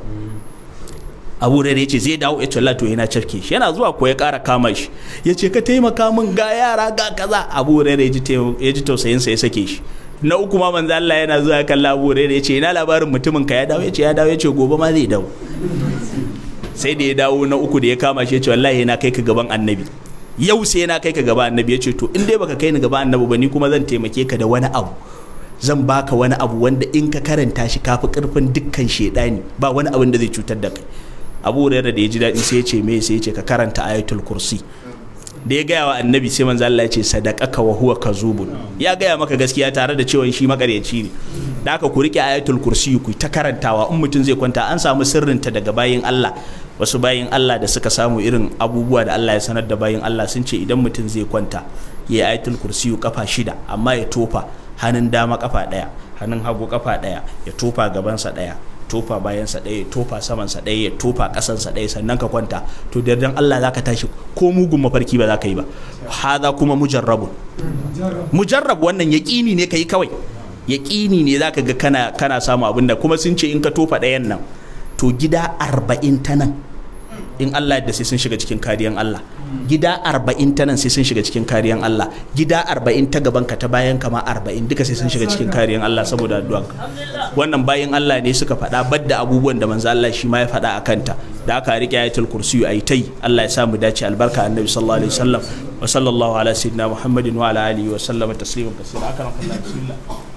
abu da ya ce zai dawo ya ce to yana cafke shi yana zuwa ko ya kara kama shi ya ce ka taimaka min ga yara ga kaza abu da ya ji tausayin sa ya sake shi na uku ma manzo Allah yana zuwa ya kalla abu da ya ce ina labarin mutumin ka ya dawo ya ce ya dawo ya ce gobe ma zai dawo sai da ya dawo na uku da ya kama shi ya ce wallahi na kai ka gaban annabi yau sai na kai ka gaba annabi ya ce to in dai baka kai ni gaba annabi ba ni kuma zan taimake ka da wani abu zan baka wani abu wanda in ka karanta shi kafi karfin dukkan shedani ba wani abin da zai cutar da kai abu hurairah da ya ji daɗi sai ya ce me sai ya ce ka karanta ayatul kursi da ya gaya wa annabi sai manzo Allah ya ce sadaqaka wa huwa kazubun ya gaya maka gaskiya tare da cewa shi makaryaci ne da aka ku rike ayatul kursi ku ta karantawa in mutum zai kwanta an samu sirrinta daga bayin Allah wasu bayin Allah da suka samu irin abubuwa da Allah ya sanar da bayin Allah sun ce idan mutum zai kwanta ya yi ayatul kursi kafa shida amma ya tofa hannun dama kafa daya hannun hagu kafa daya ya tofa gabansa daya tofa bayansa ɗaya ya tofa samansa ɗaya ya tofa ƙasansa ɗaya sannan ka kwanta to da yardan Allah za ka tashi ko mugun mafarki ba za ka yi ba haza kuma mujarrabu mujarrab wannan yaƙini ne ka yi kawai yaƙini ne za ka ga kana kana samu abin da kuma sun ce in ka tofa ɗayan nan to gida arba'in ta nan in Allah yadda sai sun shiga cikin kariyan Allah gida arba'in ta nan sai sun shiga cikin kariyan Allah gida arba'in ta gaban ka ta bayan ka ma arba'in duka sai sun shiga cikin kariyan Allah saboda addu'a wannan bayan Allah ne suka faɗa badda abubuwan da manzo Allah shi ma ya faɗa a ta da aka riƙe ayatul kursi ayi tai Allah ya sa mu dace albarka annabi sallallahu alaihi wasallam wa sallallahu ala sayyidina muhammadin wa ala alihi wa sallama taslima kasira akan Allah bismillah